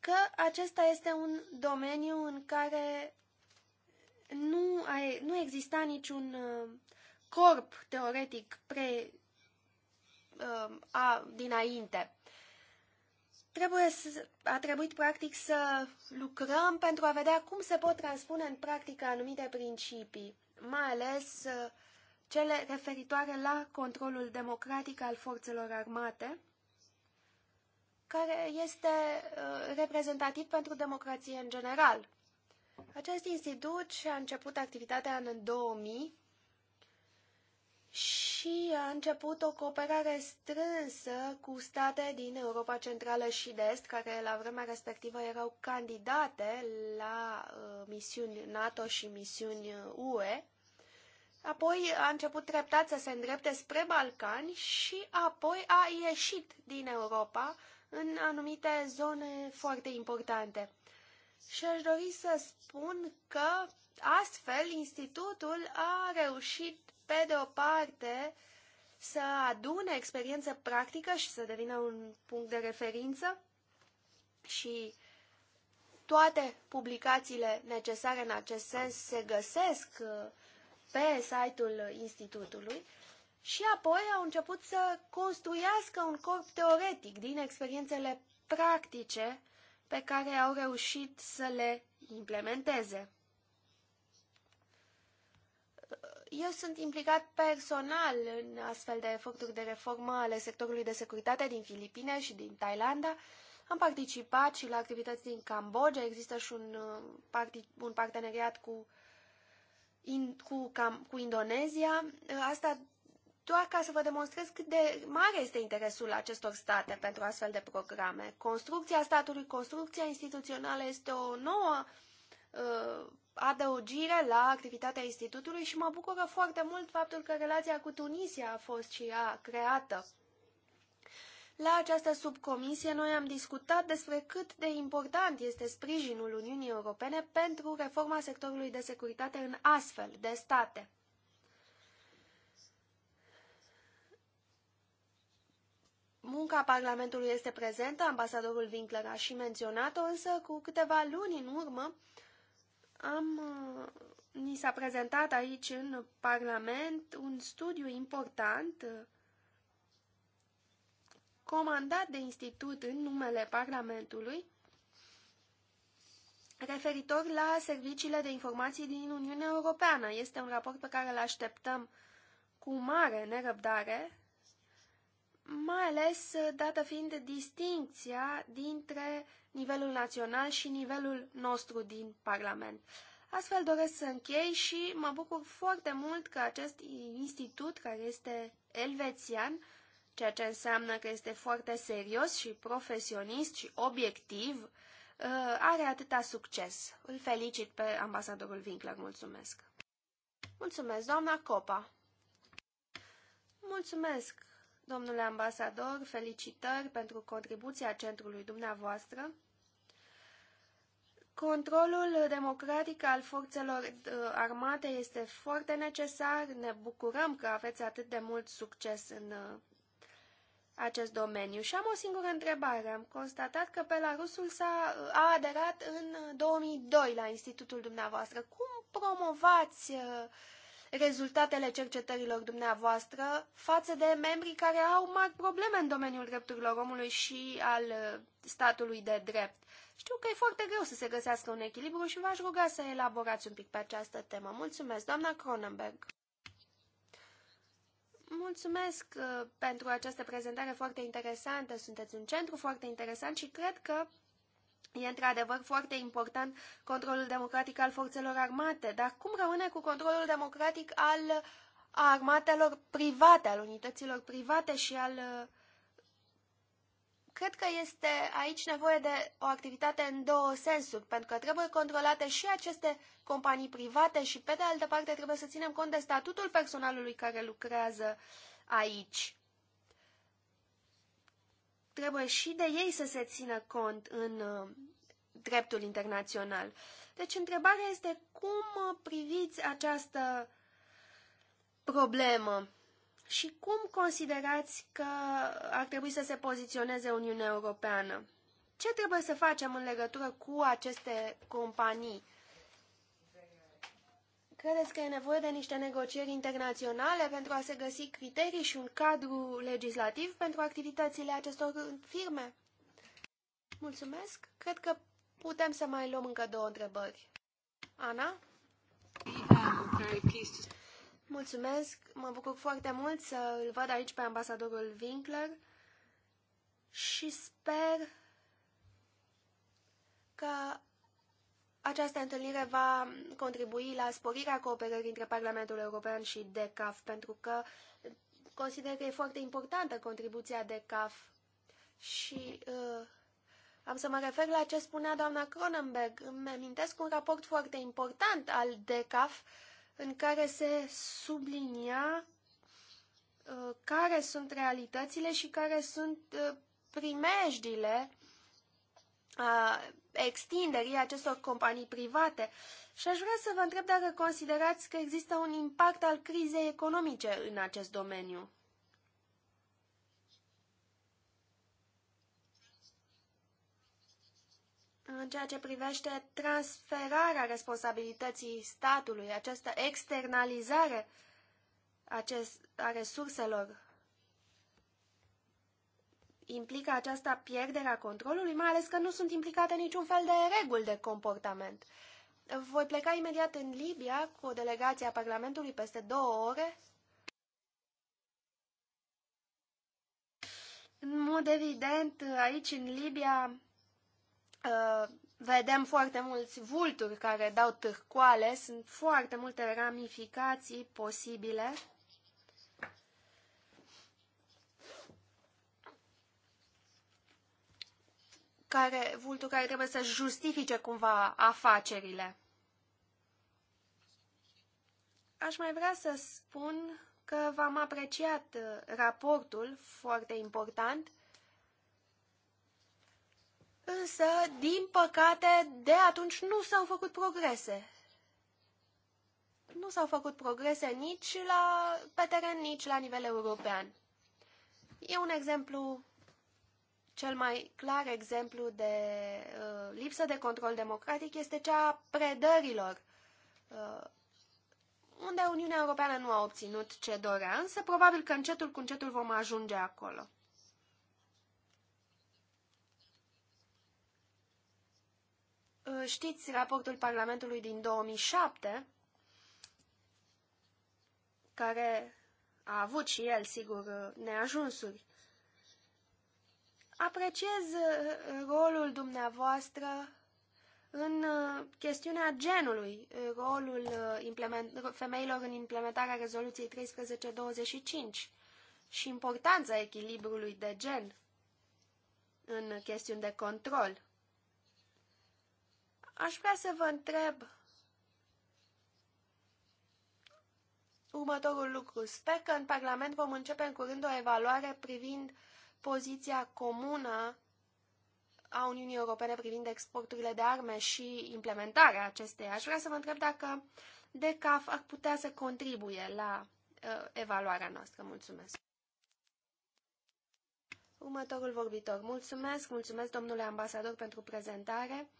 că acesta este un domeniu în care nu, ai, nu exista niciun uh, corp teoretic pre, um, a, dinainte. Trebuie să, a trebuit practic să lucrăm pentru a vedea cum se pot transpune în practică anumite principii, mai ales uh, cele referitoare la controlul democratic al forțelor armate, care este uh, reprezentativ pentru democrație în general. Acest institut și-a început activitatea în 2000 și a început o cooperare strânsă cu state din Europa Centrală și de Est, care la vremea respectivă erau candidate la uh, misiuni NATO și misiuni UE. Apoi a început treptat să se îndrepte spre Balcani și apoi a ieșit din Europa în anumite zone foarte importante. Și aș dori să spun că astfel institutul a reușit pe de o parte, să adune experiență practică și să devină un punct de referință și toate publicațiile necesare în acest sens se găsesc uh, pe site-ul institutului și apoi au început să construiască un corp teoretic din experiențele practice pe care au reușit să le implementeze. Eu sunt implicat personal în astfel de eforturi de reformă ale sectorului de securitate din Filipine și din Thailanda. Am participat și la activități din Cambodgia. Există și un, uh, un parteneriat cu, in, cu, cam, cu Indonezia. Uh, asta doar ca să vă demonstrez cât de mare este interesul acestor state pentru astfel de programe. Construcția statului, construcția instituțională este o nouă uh, adăugire la activitatea institutului și mă bucură foarte mult faptul că relația cu Tunisia a fost și ea creată. La această subcomisie noi am discutat despre cât de important este sprijinul Uniunii Europene pentru reforma sectorului de securitate în astfel de state. Munca Parlamentului este prezentă, ambasadorul Winkler a și menționat-o, însă cu câteva luni în urmă, am, uh, ni s-a prezentat aici în Parlament un studiu important uh, comandat de institut în numele Parlamentului referitor la serviciile de informații din Uniunea Europeană. Este un raport pe care îl așteptăm cu mare nerăbdare, mai ales uh, dată fiind distinția dintre uh, nivelul național și nivelul nostru din Parlament. Astfel doresc să închei și mă bucur foarte mult că acest institut, care este elvețian, ceea ce înseamnă că este foarte serios și profesionist și obiectiv, uh, are atâta succes. Îl felicit pe ambasadorul Winkler, mulțumesc. Mulțumesc, doamna Copa. Mulțumesc, Domnule ambasador, felicitări pentru contribuția centrului dumneavoastră. Controlul democratic al forțelor uh, armate este foarte necesar. Ne bucurăm că aveți atât de mult succes în uh, acest domeniu. Și am o singură întrebare. Am constatat că Belarusul s-a, uh, a aderat în 2002 la institutul dumneavoastră. Cum promovați uh, rezultatele cercetărilor dumneavoastră față de membrii care au mari probleme în domeniul drepturilor omului și al uh, statului de drept. Știu că e foarte greu să se găsească un echilibru și v-aș ruga să elaborați un pic pe această temă. Mulțumesc, doamna Cronenberg. Mulțumesc uh, pentru această prezentare foarte interesantă. Sunteți un centru foarte interesant și cred că E într-adevăr foarte important controlul democratic al forțelor armate, dar cum rămâne cu controlul democratic al armatelor private, al unităților private și al... Uh, cred că este aici nevoie de o activitate în două sensuri, pentru că trebuie controlate și aceste companii private și, pe de altă parte, trebuie să ținem cont de statutul personalului care lucrează aici trebuie și de ei să se țină cont în uh, dreptul internațional. Deci întrebarea este cum priviți această problemă și cum considerați că ar trebui să se poziționeze Uniunea Europeană? Ce trebuie să facem în legătură cu aceste companii? Credeți că e nevoie de niște negocieri internaționale pentru a se găsi criterii și un cadru legislativ pentru activitățile acestor firme? Mulțumesc. Cred că putem să mai luăm încă două întrebări. Ana? Mulțumesc. Mă bucur foarte mult să îl văd aici pe ambasadorul Winkler și sper că această întâlnire va contribui la sporirea cooperării între Parlamentul European și DECAF, pentru că consider că e foarte importantă contribuția DECAF și uh, am să mă refer la ce spunea doamna Cronenberg. Îmi amintesc un raport foarte important al DECAF în care se sublinia uh, care sunt realitățile și care sunt uh, primejdile uh, extinderii acestor companii private și aș vrea să vă întreb dacă considerați că există un impact al crizei economice în acest domeniu. În ceea ce privește transferarea responsabilității statului, această externalizare acest, a resurselor implică aceasta pierderea controlului, mai ales că nu sunt implicate niciun fel de reguli de comportament. Voi pleca imediat în Libia cu o delegație a Parlamentului peste două ore. În mod evident, aici în Libia uh, vedem foarte mulți vulturi care dau târcoale, sunt foarte multe ramificații posibile. care, vultul care trebuie să justifice cumva afacerile. Aș mai vrea să spun că v-am apreciat uh, raportul, foarte important, însă, din păcate, de atunci nu s-au făcut progrese. Nu s-au făcut progrese nici la, pe teren, nici la nivel european. E un exemplu cel mai clar exemplu de uh, lipsă de control democratic este cea a predărilor, uh, unde Uniunea Europeană nu a obținut ce dorea, însă probabil că încetul cu încetul vom ajunge acolo. Uh, știți raportul Parlamentului din 2007, care a avut și el, sigur, uh, neajunsuri. Apreciez uh, uh, rolul dumneavoastră în uh, chestiunea genului, rolul femeilor în implementarea rezoluției 1325 și importanța echilibrului de gen în chestiuni de control. Aș vrea să vă întreb următorul lucru. Sper că în Parlament vom începe în curând o evaluare privind uh, poziția comună a Uniunii Europene privind exporturile de arme și implementarea acesteia. Aș vrea să vă întreb dacă DECAF ar putea să contribuie la uh, evaluarea noastră. Mulțumesc! Următorul vorbitor. Mulțumesc, mulțumesc domnule ambasador pentru prezentare.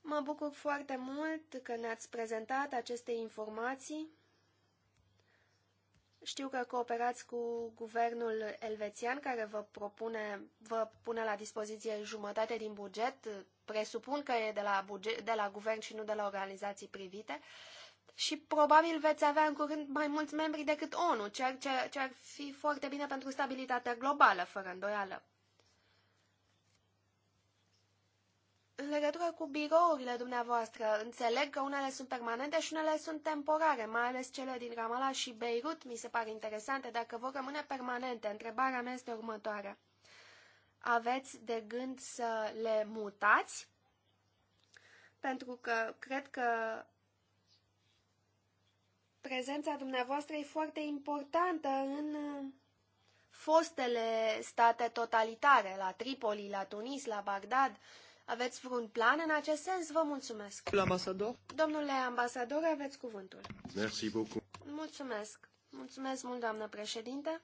Mă bucur foarte mult că ne-ați prezentat aceste informații. Știu că cooperați cu guvernul elvețian care vă propune, vă pune la dispoziție jumătate din buget. Presupun că e de la, buget, de la guvern și nu de la organizații privite. Și probabil veți avea în curând mai mulți membri decât ONU, ceea ce, ce ar fi foarte bine pentru stabilitatea globală, fără îndoială. În legătură cu birourile dumneavoastră, înțeleg că unele sunt permanente și unele sunt temporare, mai ales cele din Ramallah și Beirut mi se pare interesante, dacă vor rămâne permanente. Întrebarea mea este următoarea. Aveți de gând să le mutați? Pentru că cred că prezența dumneavoastră e foarte importantă în uh, fostele state totalitare, la Tripoli, la Tunis, la Bagdad aveți vreun plan în acest sens? Vă mulțumesc. Ambasador. Domnule ambasador, aveți cuvântul. Merci beaucoup. Mulțumesc. Mulțumesc mult, doamnă președinte.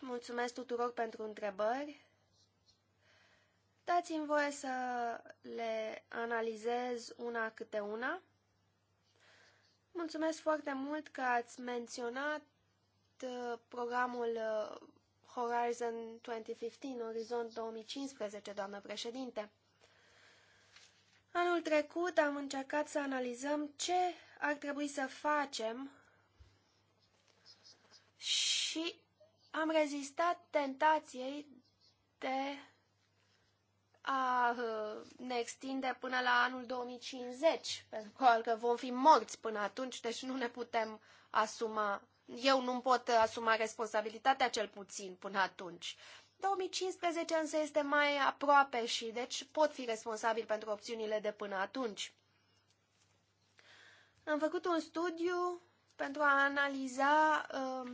Mulțumesc tuturor pentru întrebări. Dați-mi voie să le analizez una câte una. Mulțumesc foarte mult că ați menționat uh, programul uh, Horizon 2015, Orizont 2015, doamnă președinte. Anul trecut am încercat să analizăm ce ar trebui să facem și am rezistat tentației de a uh, ne extinde până la anul 2050, pentru că vom fi morți până atunci, deci nu ne putem asuma eu nu-mi pot asuma responsabilitatea cel puțin până atunci. 2015 însă este mai aproape și deci pot fi responsabil pentru opțiunile de până atunci. Am făcut un studiu pentru a analiza uh,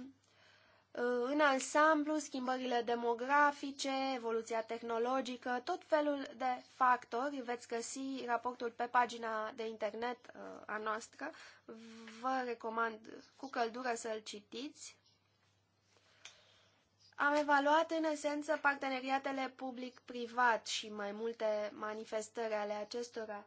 Uh, în ansamblu, schimbările demografice, evoluția tehnologică, tot felul de factori. Veți găsi raportul pe pagina de internet uh, a noastră. Vă recomand cu căldură să-l citiți. Am evaluat în esență parteneriatele public-privat și mai multe manifestări ale acestora.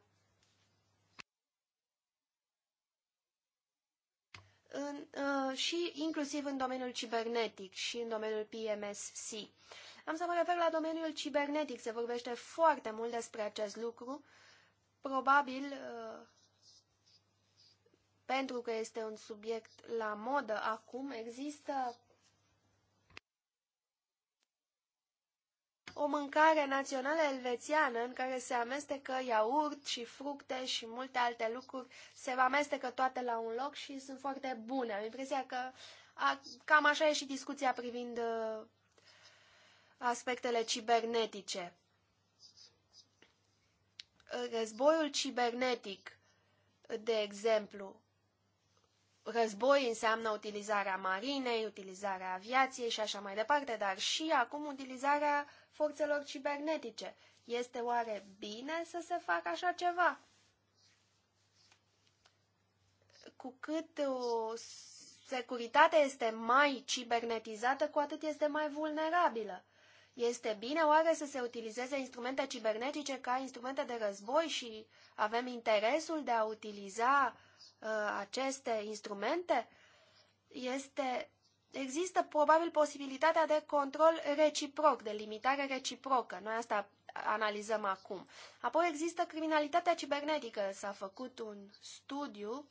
în, uh, și inclusiv în domeniul cibernetic și în domeniul PMSC. Am să mă refer la domeniul cibernetic, se vorbește foarte mult despre acest lucru, probabil uh, pentru că este un subiect la modă acum, există o mâncare națională elvețiană în care se amestecă iaurt și fructe și multe alte lucruri, se amestecă toate la un loc și sunt foarte bune. Am impresia că a, cam așa e și discuția privind uh, aspectele cibernetice. Războiul cibernetic, de exemplu, război înseamnă utilizarea marinei, utilizarea aviației și așa mai departe, dar și acum utilizarea forțelor cibernetice. Este oare bine să se facă așa ceva? Cu cât o uh, securitatea este mai cibernetizată, cu atât este mai vulnerabilă. Este bine oare să se utilizeze instrumente cibernetice ca instrumente de război și avem interesul de a utiliza uh, aceste instrumente? Este există probabil posibilitatea de control reciproc, de limitare reciprocă. Noi asta analizăm acum. Apoi există criminalitatea cibernetică. S-a făcut un studiu.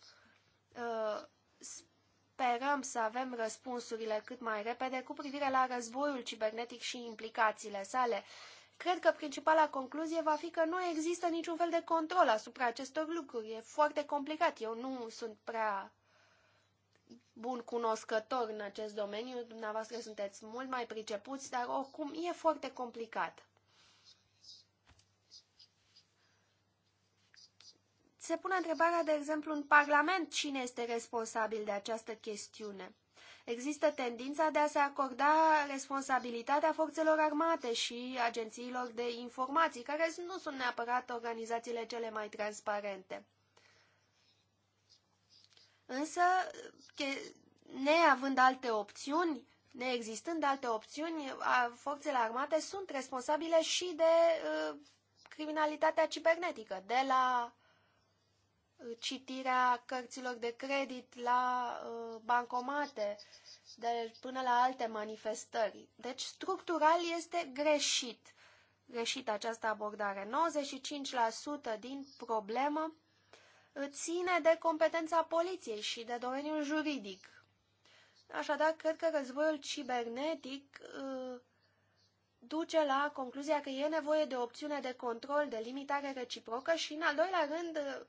Uh, sperăm să avem răspunsurile cât mai repede cu privire la războiul cibernetic și implicațiile sale. Cred că principala concluzie va fi că nu există niciun fel de control asupra acestor lucruri. E foarte complicat. Eu nu sunt prea bun cunoscător în acest domeniu, dumneavoastră sunteți mult mai pricepuți, dar oricum e foarte complicat. Se pune întrebarea, de exemplu, în Parlament cine este responsabil de această chestiune. Există tendința de a se acorda responsabilitatea forțelor armate și agențiilor de informații, care nu sunt neapărat organizațiile cele mai transparente. Însă, neavând alte opțiuni, neexistând alte opțiuni, forțele armate sunt responsabile și de ă, criminalitatea cibernetică, de la ă, citirea cărților de credit la uh, bancomate, de, până la alte manifestări. Deci, structural este greșit. Greșit această abordare. 95% din problemă ține de competența poliției și de domeniul juridic. Așadar, cred că războiul cibernetic uh, duce la concluzia că e nevoie de opțiune de control, de limitare reciprocă și, în al doilea rând, uh,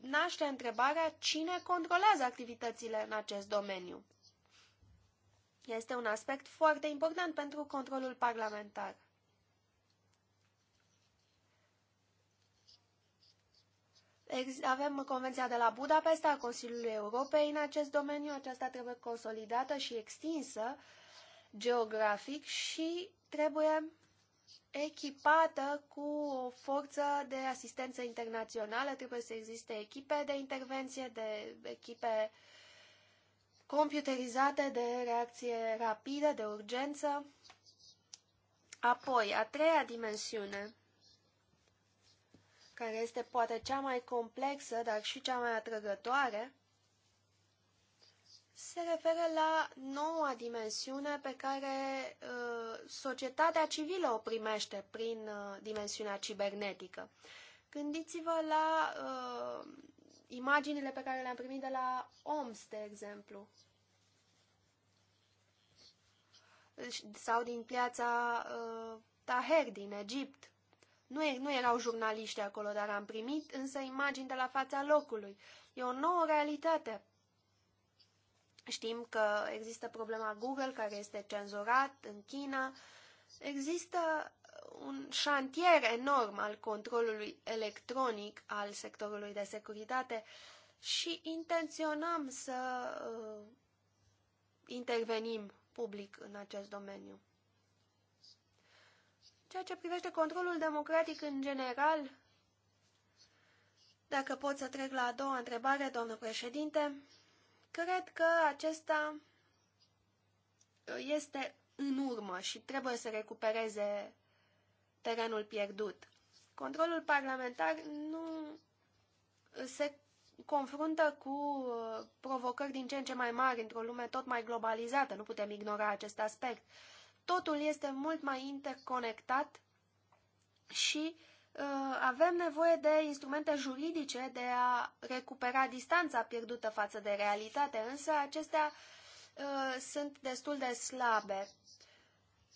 naște întrebarea cine controlează activitățile în acest domeniu. Este un aspect foarte important pentru controlul parlamentar. Avem Convenția de la Budapesta a Consiliului Europei în acest domeniu. Aceasta trebuie consolidată și extinsă geografic și trebuie echipată cu o forță de asistență internațională. Trebuie să existe echipe de intervenție, de echipe computerizate de reacție rapidă, de urgență. Apoi, a treia dimensiune care este poate cea mai complexă, dar și cea mai atrăgătoare, se referă la noua dimensiune pe care uh, societatea civilă o primește prin uh, dimensiunea cibernetică. Gândiți-vă la uh, imaginile pe care le-am primit de la OMS, de exemplu, deci, sau din piața uh, Taher din Egipt. Nu, e, nu erau jurnaliști acolo, dar am primit însă imagini de la fața locului. E o nouă realitate. Știm că există problema Google, care este cenzurat în China. Există un șantier enorm al controlului electronic al sectorului de securitate și intenționăm să uh, intervenim public în acest domeniu. Ceea ce privește controlul democratic în general, dacă pot să trec la a doua întrebare, domnul președinte, cred că acesta este în urmă și trebuie să recupereze terenul pierdut. Controlul parlamentar nu se confruntă cu provocări din ce în ce mai mari într-o lume tot mai globalizată. Nu putem ignora acest aspect totul este mult mai interconectat și uh, avem nevoie de instrumente juridice de a recupera distanța pierdută față de realitate, însă acestea uh, sunt destul de slabe.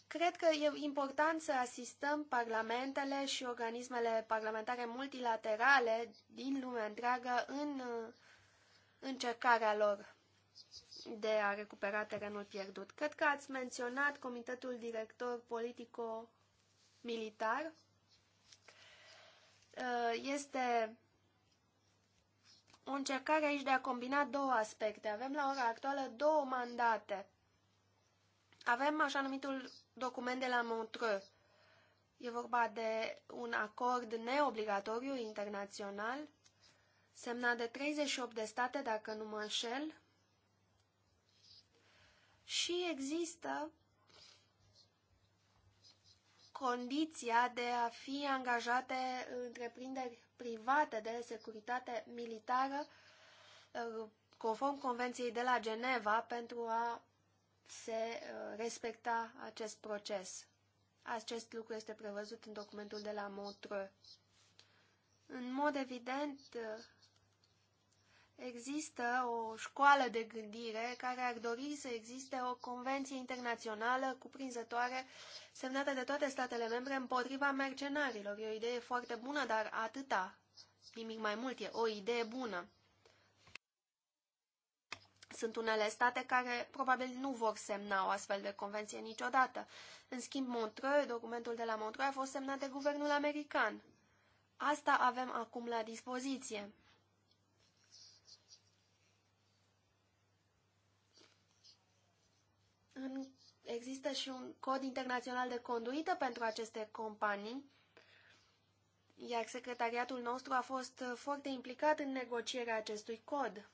Cred că e important să asistăm parlamentele și organismele parlamentare multilaterale din lumea întreagă în uh, încercarea lor de a recupera terenul pierdut. Cred că ați menționat Comitetul Director Politico-Militar. Uh, este o încercare aici de a combina două aspecte. Avem la ora actuală două mandate. Avem așa numitul document de la Montreux. E vorba de un acord neobligatoriu internațional semnat de 38 de state, dacă nu mă înșel, și există condiția de a fi angajate întreprinderi private de securitate militară uh, conform Convenției de la Geneva pentru a se uh, respecta acest proces. Acest lucru este prevăzut în documentul de la Montreux. În mod evident, uh, există o școală de gândire care ar dori să existe o convenție internațională cuprinzătoare semnată de toate statele membre împotriva mercenarilor. E o idee foarte bună, dar atâta, nimic mai mult, e o idee bună. Sunt unele state care probabil nu vor semna o astfel de convenție niciodată. În schimb, Montreux, documentul de la Montreux a fost semnat de guvernul american. Asta avem acum la dispoziție. În, există și un cod internațional de conduită pentru aceste companii, iar secretariatul nostru a fost foarte implicat în negocierea acestui cod.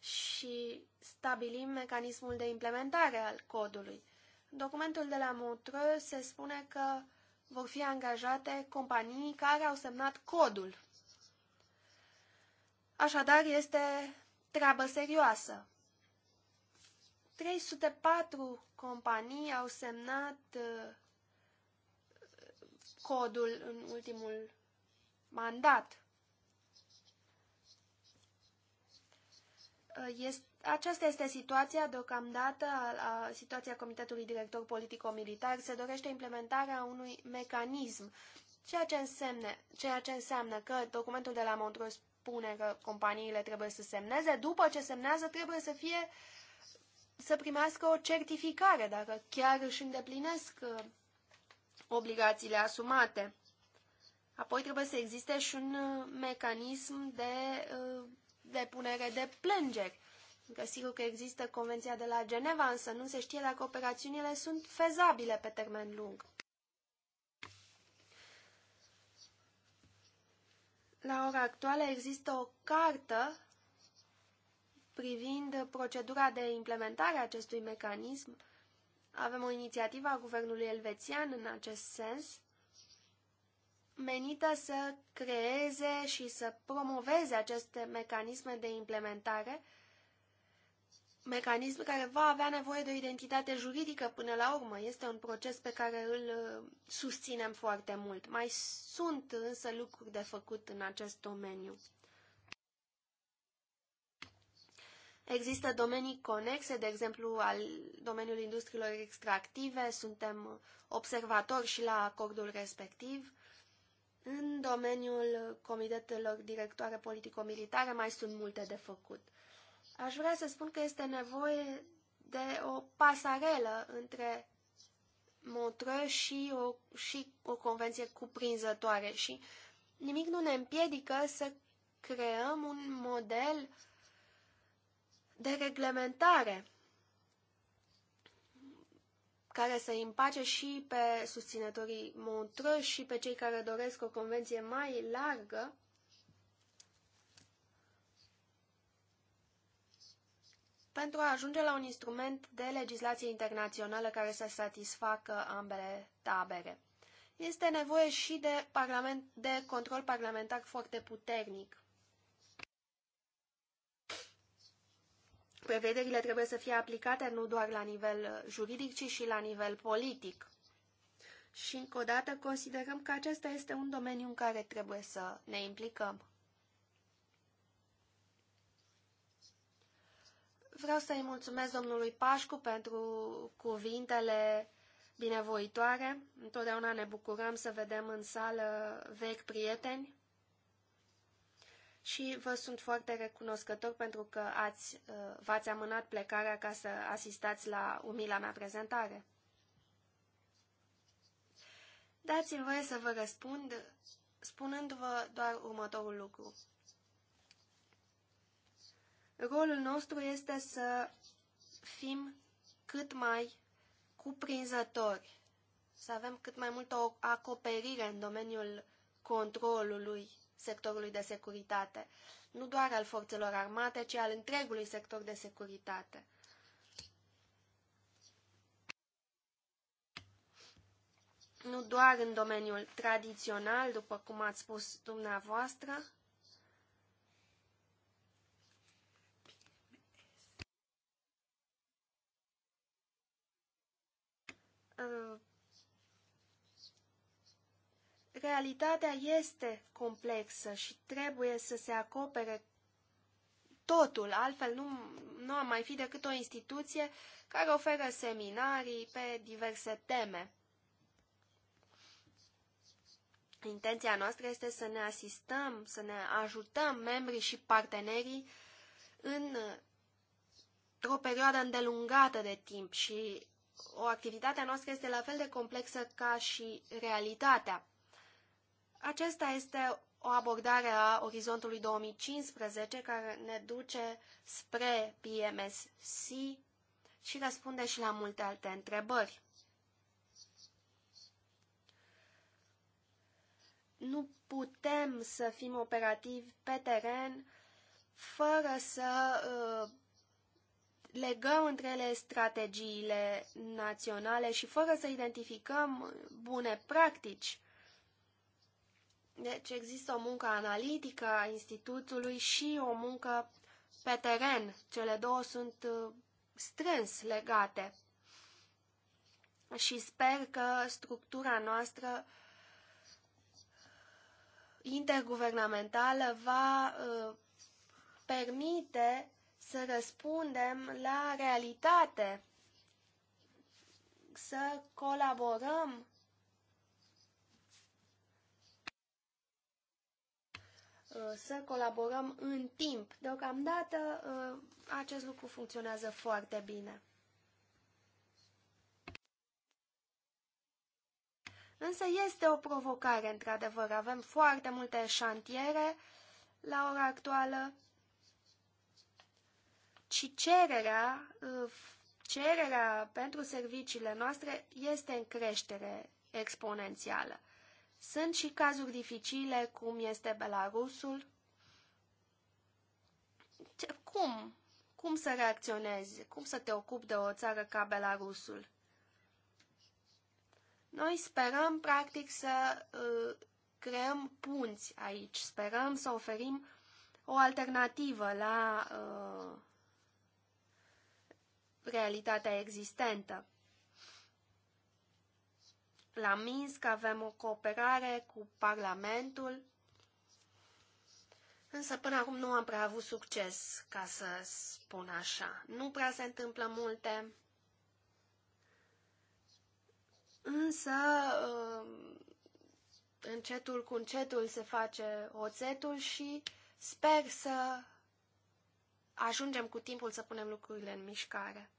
Și stabilim mecanismul de implementare al codului. În documentul de la Montreux se spune că vor fi angajate companii care au semnat codul. Așadar, este treabă serioasă. 304 companii au semnat uh, codul în ultimul mandat. Uh, este, aceasta este situația deocamdată, a, a, situația Comitetului Director Politico-Militar. Se dorește implementarea unui mecanism, ceea ce, însemne, ceea ce înseamnă că documentul de la Montreux spune că companiile trebuie să semneze, după ce semnează trebuie să fie uh, să primească o certificare dacă chiar își îndeplinesc uh, obligațiile asumate. Apoi trebuie să existe și un uh, mecanism de uh, depunere de plângeri. Că sigur că există Convenția de la Geneva, însă nu se știe dacă operațiunile sunt fezabile pe termen lung. La ora actuală există o cartă privind procedura de implementare a acestui mecanism. Avem o inițiativă a guvernului elvețian în acest sens, menită să creeze și să promoveze aceste mecanisme de implementare, mecanism care va avea nevoie de o identitate juridică până la urmă. Este un proces pe care îl uh, susținem foarte mult. Mai sunt însă lucruri de făcut în acest domeniu. Există domenii conexe, de exemplu, al domeniului industriilor extractive, suntem observatori și la acordul respectiv. În domeniul comitetelor directoare politico-militare mai sunt multe de făcut. Aș vrea să spun că este nevoie de o pasarelă între Montreux și o, și o convenție cuprinzătoare și nimic nu ne împiedică să creăm un model uh, de reglementare care să împace și pe susținătorii Montreux și pe cei care doresc o convenție mai largă, pentru a ajunge la un instrument de legislație internațională care să satisfacă ambele tabere. Este nevoie și de, parlament, de control parlamentar foarte puternic. Prevederile trebuie să fie aplicate nu doar la nivel juridic, ci și la nivel politic. Și, încă o dată, considerăm că acesta este un domeniu în care trebuie să ne implicăm. Vreau să-i mulțumesc domnului Pașcu pentru cuvintele binevoitoare. Întotdeauna ne bucurăm să vedem în sală vechi prieteni și vă sunt foarte recunoscător pentru că ați, uh, v-ați amânat plecarea ca să asistați la umila mea prezentare. Dați-mi voie să vă răspund spunându-vă doar următorul lucru. Rolul nostru este să fim cât mai cuprinzători, să avem cât mai multă acoperire în domeniul controlului sectorului de securitate, nu doar al forțelor armate, ci al întregului sector de securitate. Nu doar în domeniul tradițional, după cum ați spus dumneavoastră, realitatea este complexă și trebuie să se acopere totul, altfel nu, nu am mai fi decât o instituție care oferă seminarii pe diverse teme. Intenția noastră este să ne asistăm, să ne ajutăm membrii și partenerii în o perioadă îndelungată de timp și o activitate noastră este la fel de complexă ca și realitatea. Acesta este o abordare a orizontului 2015 care ne duce spre PMSC și răspunde și la multe alte întrebări. Nu putem să fim operativi pe teren fără să uh, legăm între ele strategiile naționale și fără să identificăm bune practici deci există o muncă analitică a institutului și o muncă pe teren. Cele două sunt uh, strâns legate. Și sper că structura noastră interguvernamentală va uh, permite să răspundem la realitate, să colaborăm Uh, să colaborăm în timp. Deocamdată uh, acest lucru funcționează foarte bine. Însă este o provocare, într-adevăr. Avem foarte multe șantiere la ora actuală și cererea, uh, cererea pentru serviciile noastre este în creștere exponențială. Sunt și cazuri dificile, cum este Belarusul. Ce, cum? Cum să reacționezi? Cum să te ocupi de o țară ca Belarusul? Noi sperăm, practic, să uh, creăm punți aici. Sperăm să oferim o alternativă la uh, realitatea existentă. La Minsk avem o cooperare cu Parlamentul, însă până acum nu am prea avut succes, ca să spun așa. Nu prea se întâmplă multe, însă uh, încetul cu încetul se face oțetul și sper să ajungem cu timpul să punem lucrurile în mișcare.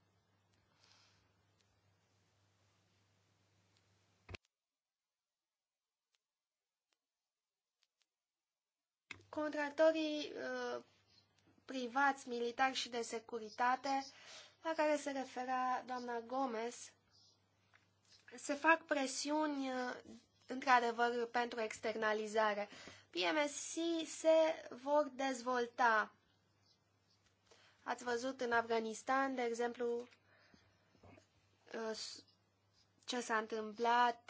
contractorii uh, privați, militari și de securitate, la care se refera doamna Gomez, se fac presiuni, uh, într-adevăr, pentru externalizare. PMSC se vor dezvolta. Ați văzut în Afganistan, de exemplu, uh, ce s-a întâmplat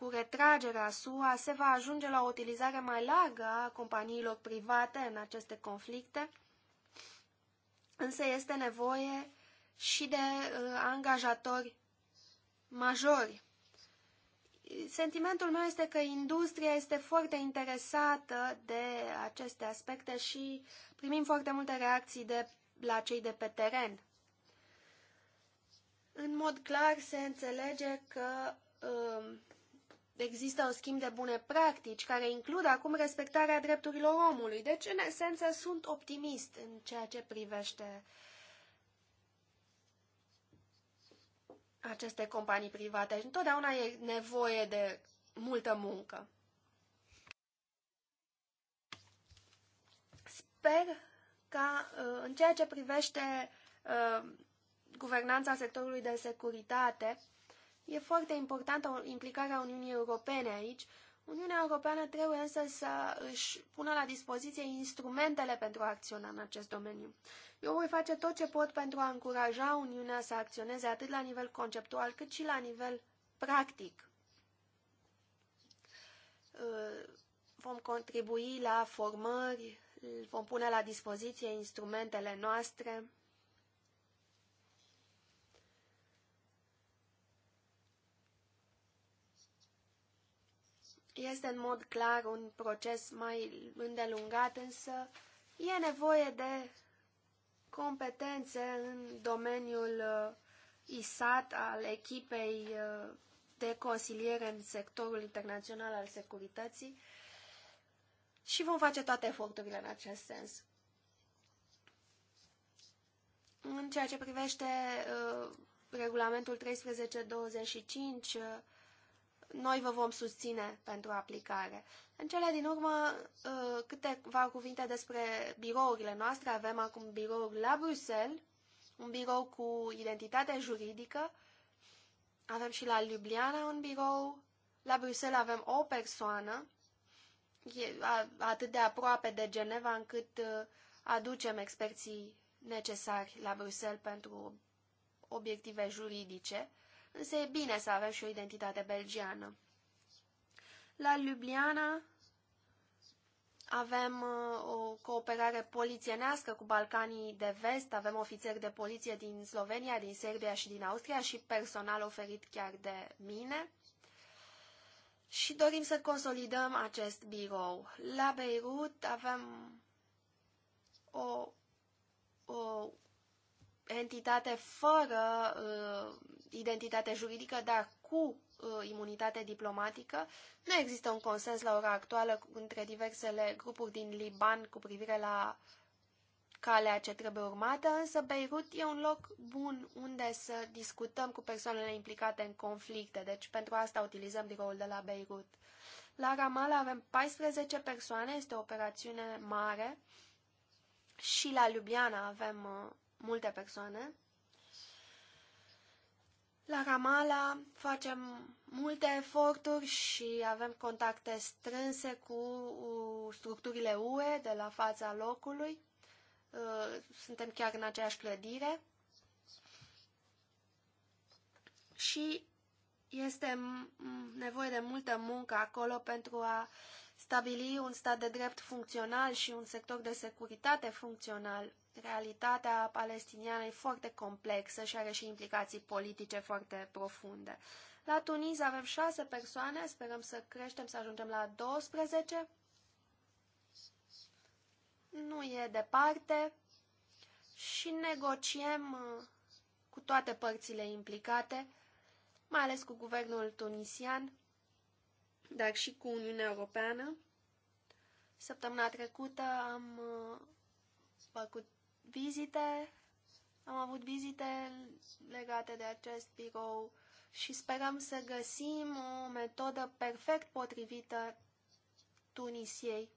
cu retragerea SUA se va ajunge la o utilizare mai largă a companiilor private în aceste conflicte, însă este nevoie și de uh, angajatori majori. Sentimentul meu este că industria este foarte interesată de aceste aspecte și primim foarte multe reacții de la cei de pe teren. În mod clar se înțelege că uh, Există un schimb de bune practici care includ acum respectarea drepturilor omului, deci în esență sunt optimist în ceea ce privește aceste companii private și întotdeauna e nevoie de multă muncă. Sper ca uh, în ceea ce privește uh, guvernanța sectorului de securitate, E foarte importantă implicarea Uniunii Europene aici. Uniunea Europeană trebuie însă să își pună la dispoziție instrumentele pentru a acționa în acest domeniu. Eu voi face tot ce pot pentru a încuraja Uniunea să acționeze atât la nivel conceptual cât și la nivel practic. Uh, vom contribui la formări, vom pune la dispoziție instrumentele noastre Este în mod clar un proces mai îndelungat, însă e nevoie de competențe în domeniul uh, ISAT al echipei uh, de consiliere în sectorul internațional al securității și vom face toate eforturile în acest sens. În ceea ce privește uh, regulamentul 1325, noi vă vom susține pentru aplicare. În cele din urmă, uh, câteva cuvinte despre birourile noastre. Avem acum birouri la Bruxelles, un birou cu identitate juridică, avem și la Ljubljana un birou, la Bruxelles avem o persoană, e atât de aproape de Geneva încât uh, aducem experții necesari la Bruxelles pentru obiective juridice. Însă e bine să avem și o identitate belgiană. La Ljubljana avem uh, o cooperare polițienească cu Balcanii de Vest, avem ofițeri de poliție din Slovenia, din Serbia și din Austria și personal oferit chiar de mine. Și dorim să consolidăm acest birou. La Beirut avem o, o entitate fără uh, identitate juridică, dar cu uh, imunitate diplomatică. Nu există un consens la ora actuală între diversele grupuri din Liban cu privire la calea ce trebuie urmată, însă Beirut e un loc bun unde să discutăm cu persoanele implicate în conflicte, deci pentru asta utilizăm biroul de la Beirut. La Ramala avem 14 persoane, este o operațiune mare și la Ljubljana avem uh, multe persoane. La Ramala facem multe eforturi și avem contacte strânse cu structurile UE de la fața locului. Uh, suntem chiar în aceeași clădire. Și este nevoie de multă muncă acolo pentru a stabili un stat de drept funcțional și un sector de securitate funcțional. Realitatea palestiniană e foarte complexă și are și implicații politice foarte profunde. La Tunis avem șase persoane, sperăm să creștem, să ajungem la 12. Nu e departe și negociem uh, cu toate părțile implicate, mai ales cu guvernul tunisian, dar și cu Uniunea Europeană. Săptămâna trecută am uh, făcut vizite, am avut vizite legate de acest birou și sperăm să găsim o metodă perfect potrivită Tunisiei,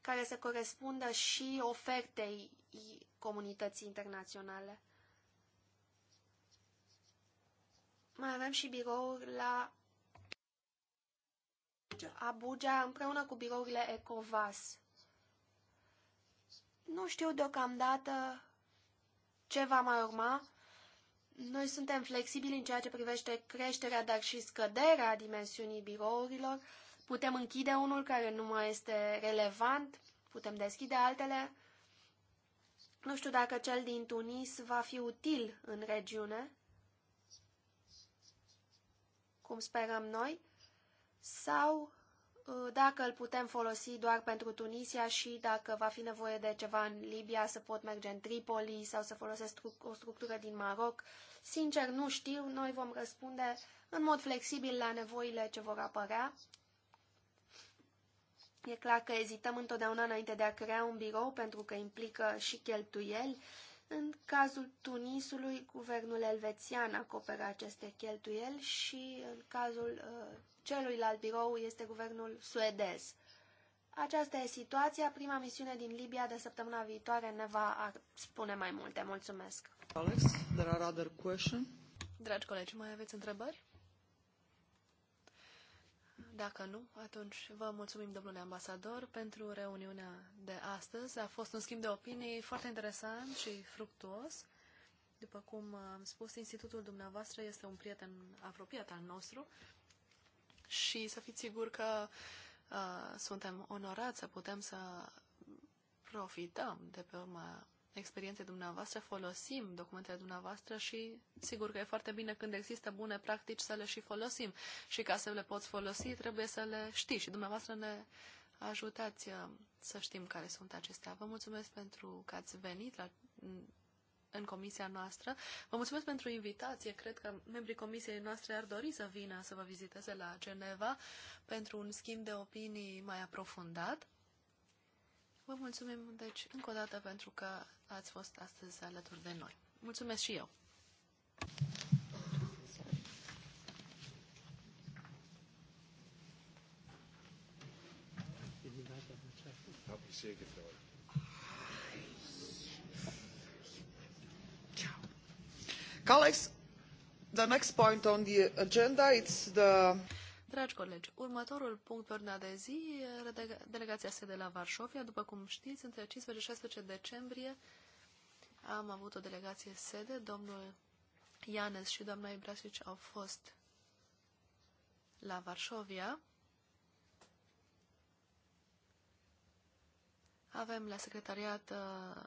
care să corespundă și ofertei comunității internaționale. Mai avem și birouri la Abuja împreună cu birourile ECOVAS. Nu știu deocamdată ce va mai urma. Noi suntem flexibili în ceea ce privește creșterea, dar și scăderea dimensiunii birourilor. Putem închide unul care nu mai este relevant, putem deschide altele. Nu știu dacă cel din Tunis va fi util în regiune, cum sperăm noi, sau ă, dacă îl putem folosi doar pentru Tunisia și dacă va fi nevoie de ceva în Libia, să pot merge în Tripoli sau să folosesc o structură din Maroc. Sincer, nu știu, noi vom răspunde în mod flexibil la nevoile ce vor apărea. E clar că ezităm întotdeauna înainte de a crea un birou pentru că implică și cheltuieli, în cazul Tunisului, guvernul elvețian acoperă aceste cheltuieli și în cazul uh, celuilalt birou este guvernul suedez. Aceasta e situația. Prima misiune din Libia de săptămâna viitoare ne va spune mai multe. Mulțumesc. Alex, there are other questions. Dragi colegi, mai aveți întrebări? Dacă nu, atunci vă mulțumim, domnule ambasador, pentru reuniunea de astăzi. A fost un schimb de opinii foarte interesant și fructuos. După cum am spus, institutul dumneavoastră este un prieten apropiat al nostru și să fiți siguri că uh, suntem onorați să putem să profităm de pe urma experiențe dumneavoastră, folosim documentele dumneavoastră și sigur că e foarte bine când există bune practici să le și folosim. Și ca să le poți folosi, trebuie să le știi și dumneavoastră ne ajutați uh, să știm care sunt acestea. Vă mulțumesc pentru că ați venit la, în comisia noastră. Vă mulțumesc pentru invitație. Cred că membrii comisiei noastre ar dori să vină să vă viziteze la Geneva pentru un schimb de opinii mai aprofundat. Vă mulțumim, deci, încă o dată pentru că ați fost astăzi alături de noi. Mulțumesc și eu! Habe Colleagues, the next point on the agenda is the Dragi colegi, următorul punct pe ordinea de zi, delegația de la Varșovia. După cum știți, între 15 și 16 decembrie am avut o delegație sede. Domnul Ianes și doamna Ibrasic au fost la Varșovia. Avem la secretariat uh,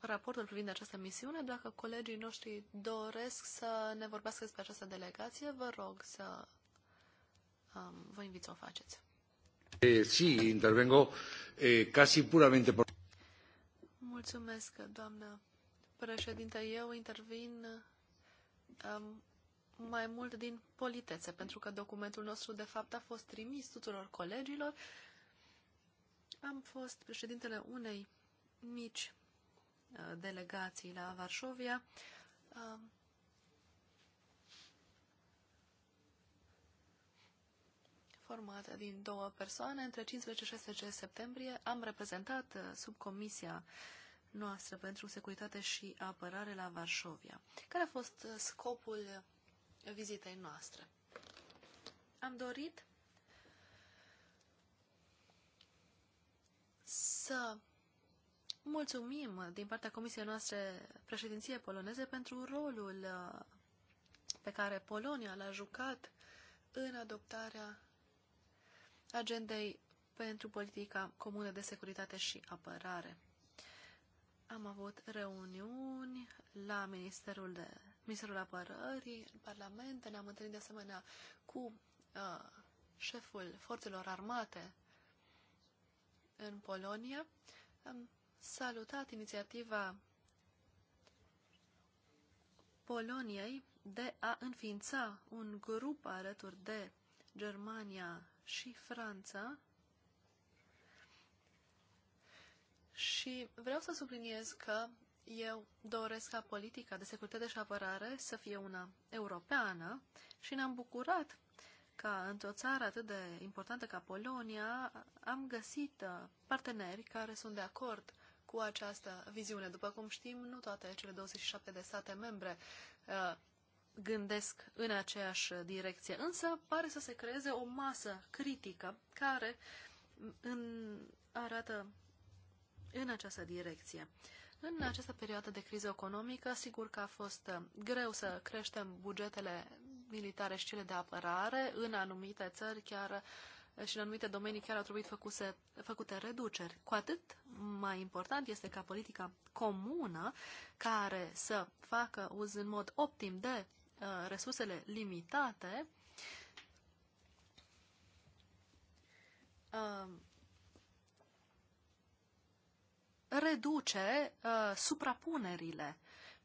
raportul privind această misiune. Dacă colegii noștri doresc să ne vorbească despre această delegație, vă rog să vă invit să o faceți. Eh, sí, intervengo eh, casi puramente por... Mulțumesc, doamnă președinte. Eu intervin mai mult din politețe, pentru că documentul nostru, de fapt, a fost trimis tuturor colegilor. Am fost președintele unei mici eh, delegații la Varșovia. formată din două persoane. Între 15 și 16 septembrie am reprezentat uh, subcomisia noastră pentru securitate și apărare la Varșovia. Care a fost uh, scopul vizitei noastre? Am dorit să mulțumim din partea comisiei noastre președinție poloneze pentru rolul uh, pe care Polonia l-a jucat în adoptarea agendei pentru politica comună de securitate și apărare. Am avut reuniuni la Ministerul, de, Ministerul Apărării, în Parlament, ne-am întâlnit de asemenea cu uh, șeful forțelor armate în Polonia. Am salutat inițiativa Poloniei de a înființa un grup alături de Germania, și Franța. Și vreau să subliniez că eu doresc ca politica de securitate și apărare să fie una europeană și ne-am bucurat ca într-o țară atât de importantă ca Polonia am găsit uh, parteneri care sunt de acord cu această viziune. După cum știm, nu toate cele 27 de state membre uh, gândesc în aceeași direcție. Însă pare să se creeze o masă critică care în, arată în această direcție. În această perioadă de criză economică, sigur că a fost uh, greu să creștem bugetele militare și cele de apărare. În anumite țări chiar uh, și în anumite domenii chiar au trebuit făcuse, făcute reduceri. Cu atât mai important este ca politica comună care să facă uz în mod optim de Uh, resursele limitate, uh, reduce uh, suprapunerile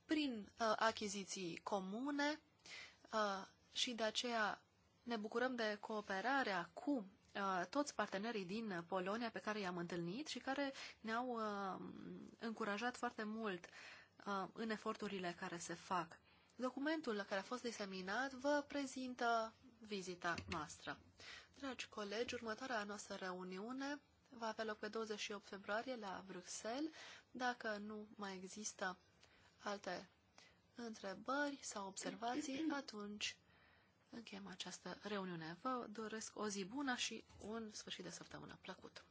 prin achiziții comune și de aceea ne bucurăm de cooperarea cu toți partenerii din Polonia pe care i-am întâlnit și care ne-au încurajat foarte mult în eforturile care se fac. Documentul care a fost diseminat vă prezintă vizita noastră. Dragi colegi, următoarea noastră reuniune va avea loc pe 28 februarie la Bruxelles. Dacă nu mai există alte întrebări sau observații, atunci încheiem această reuniune. Vă doresc o zi bună și un sfârșit de săptămână plăcut!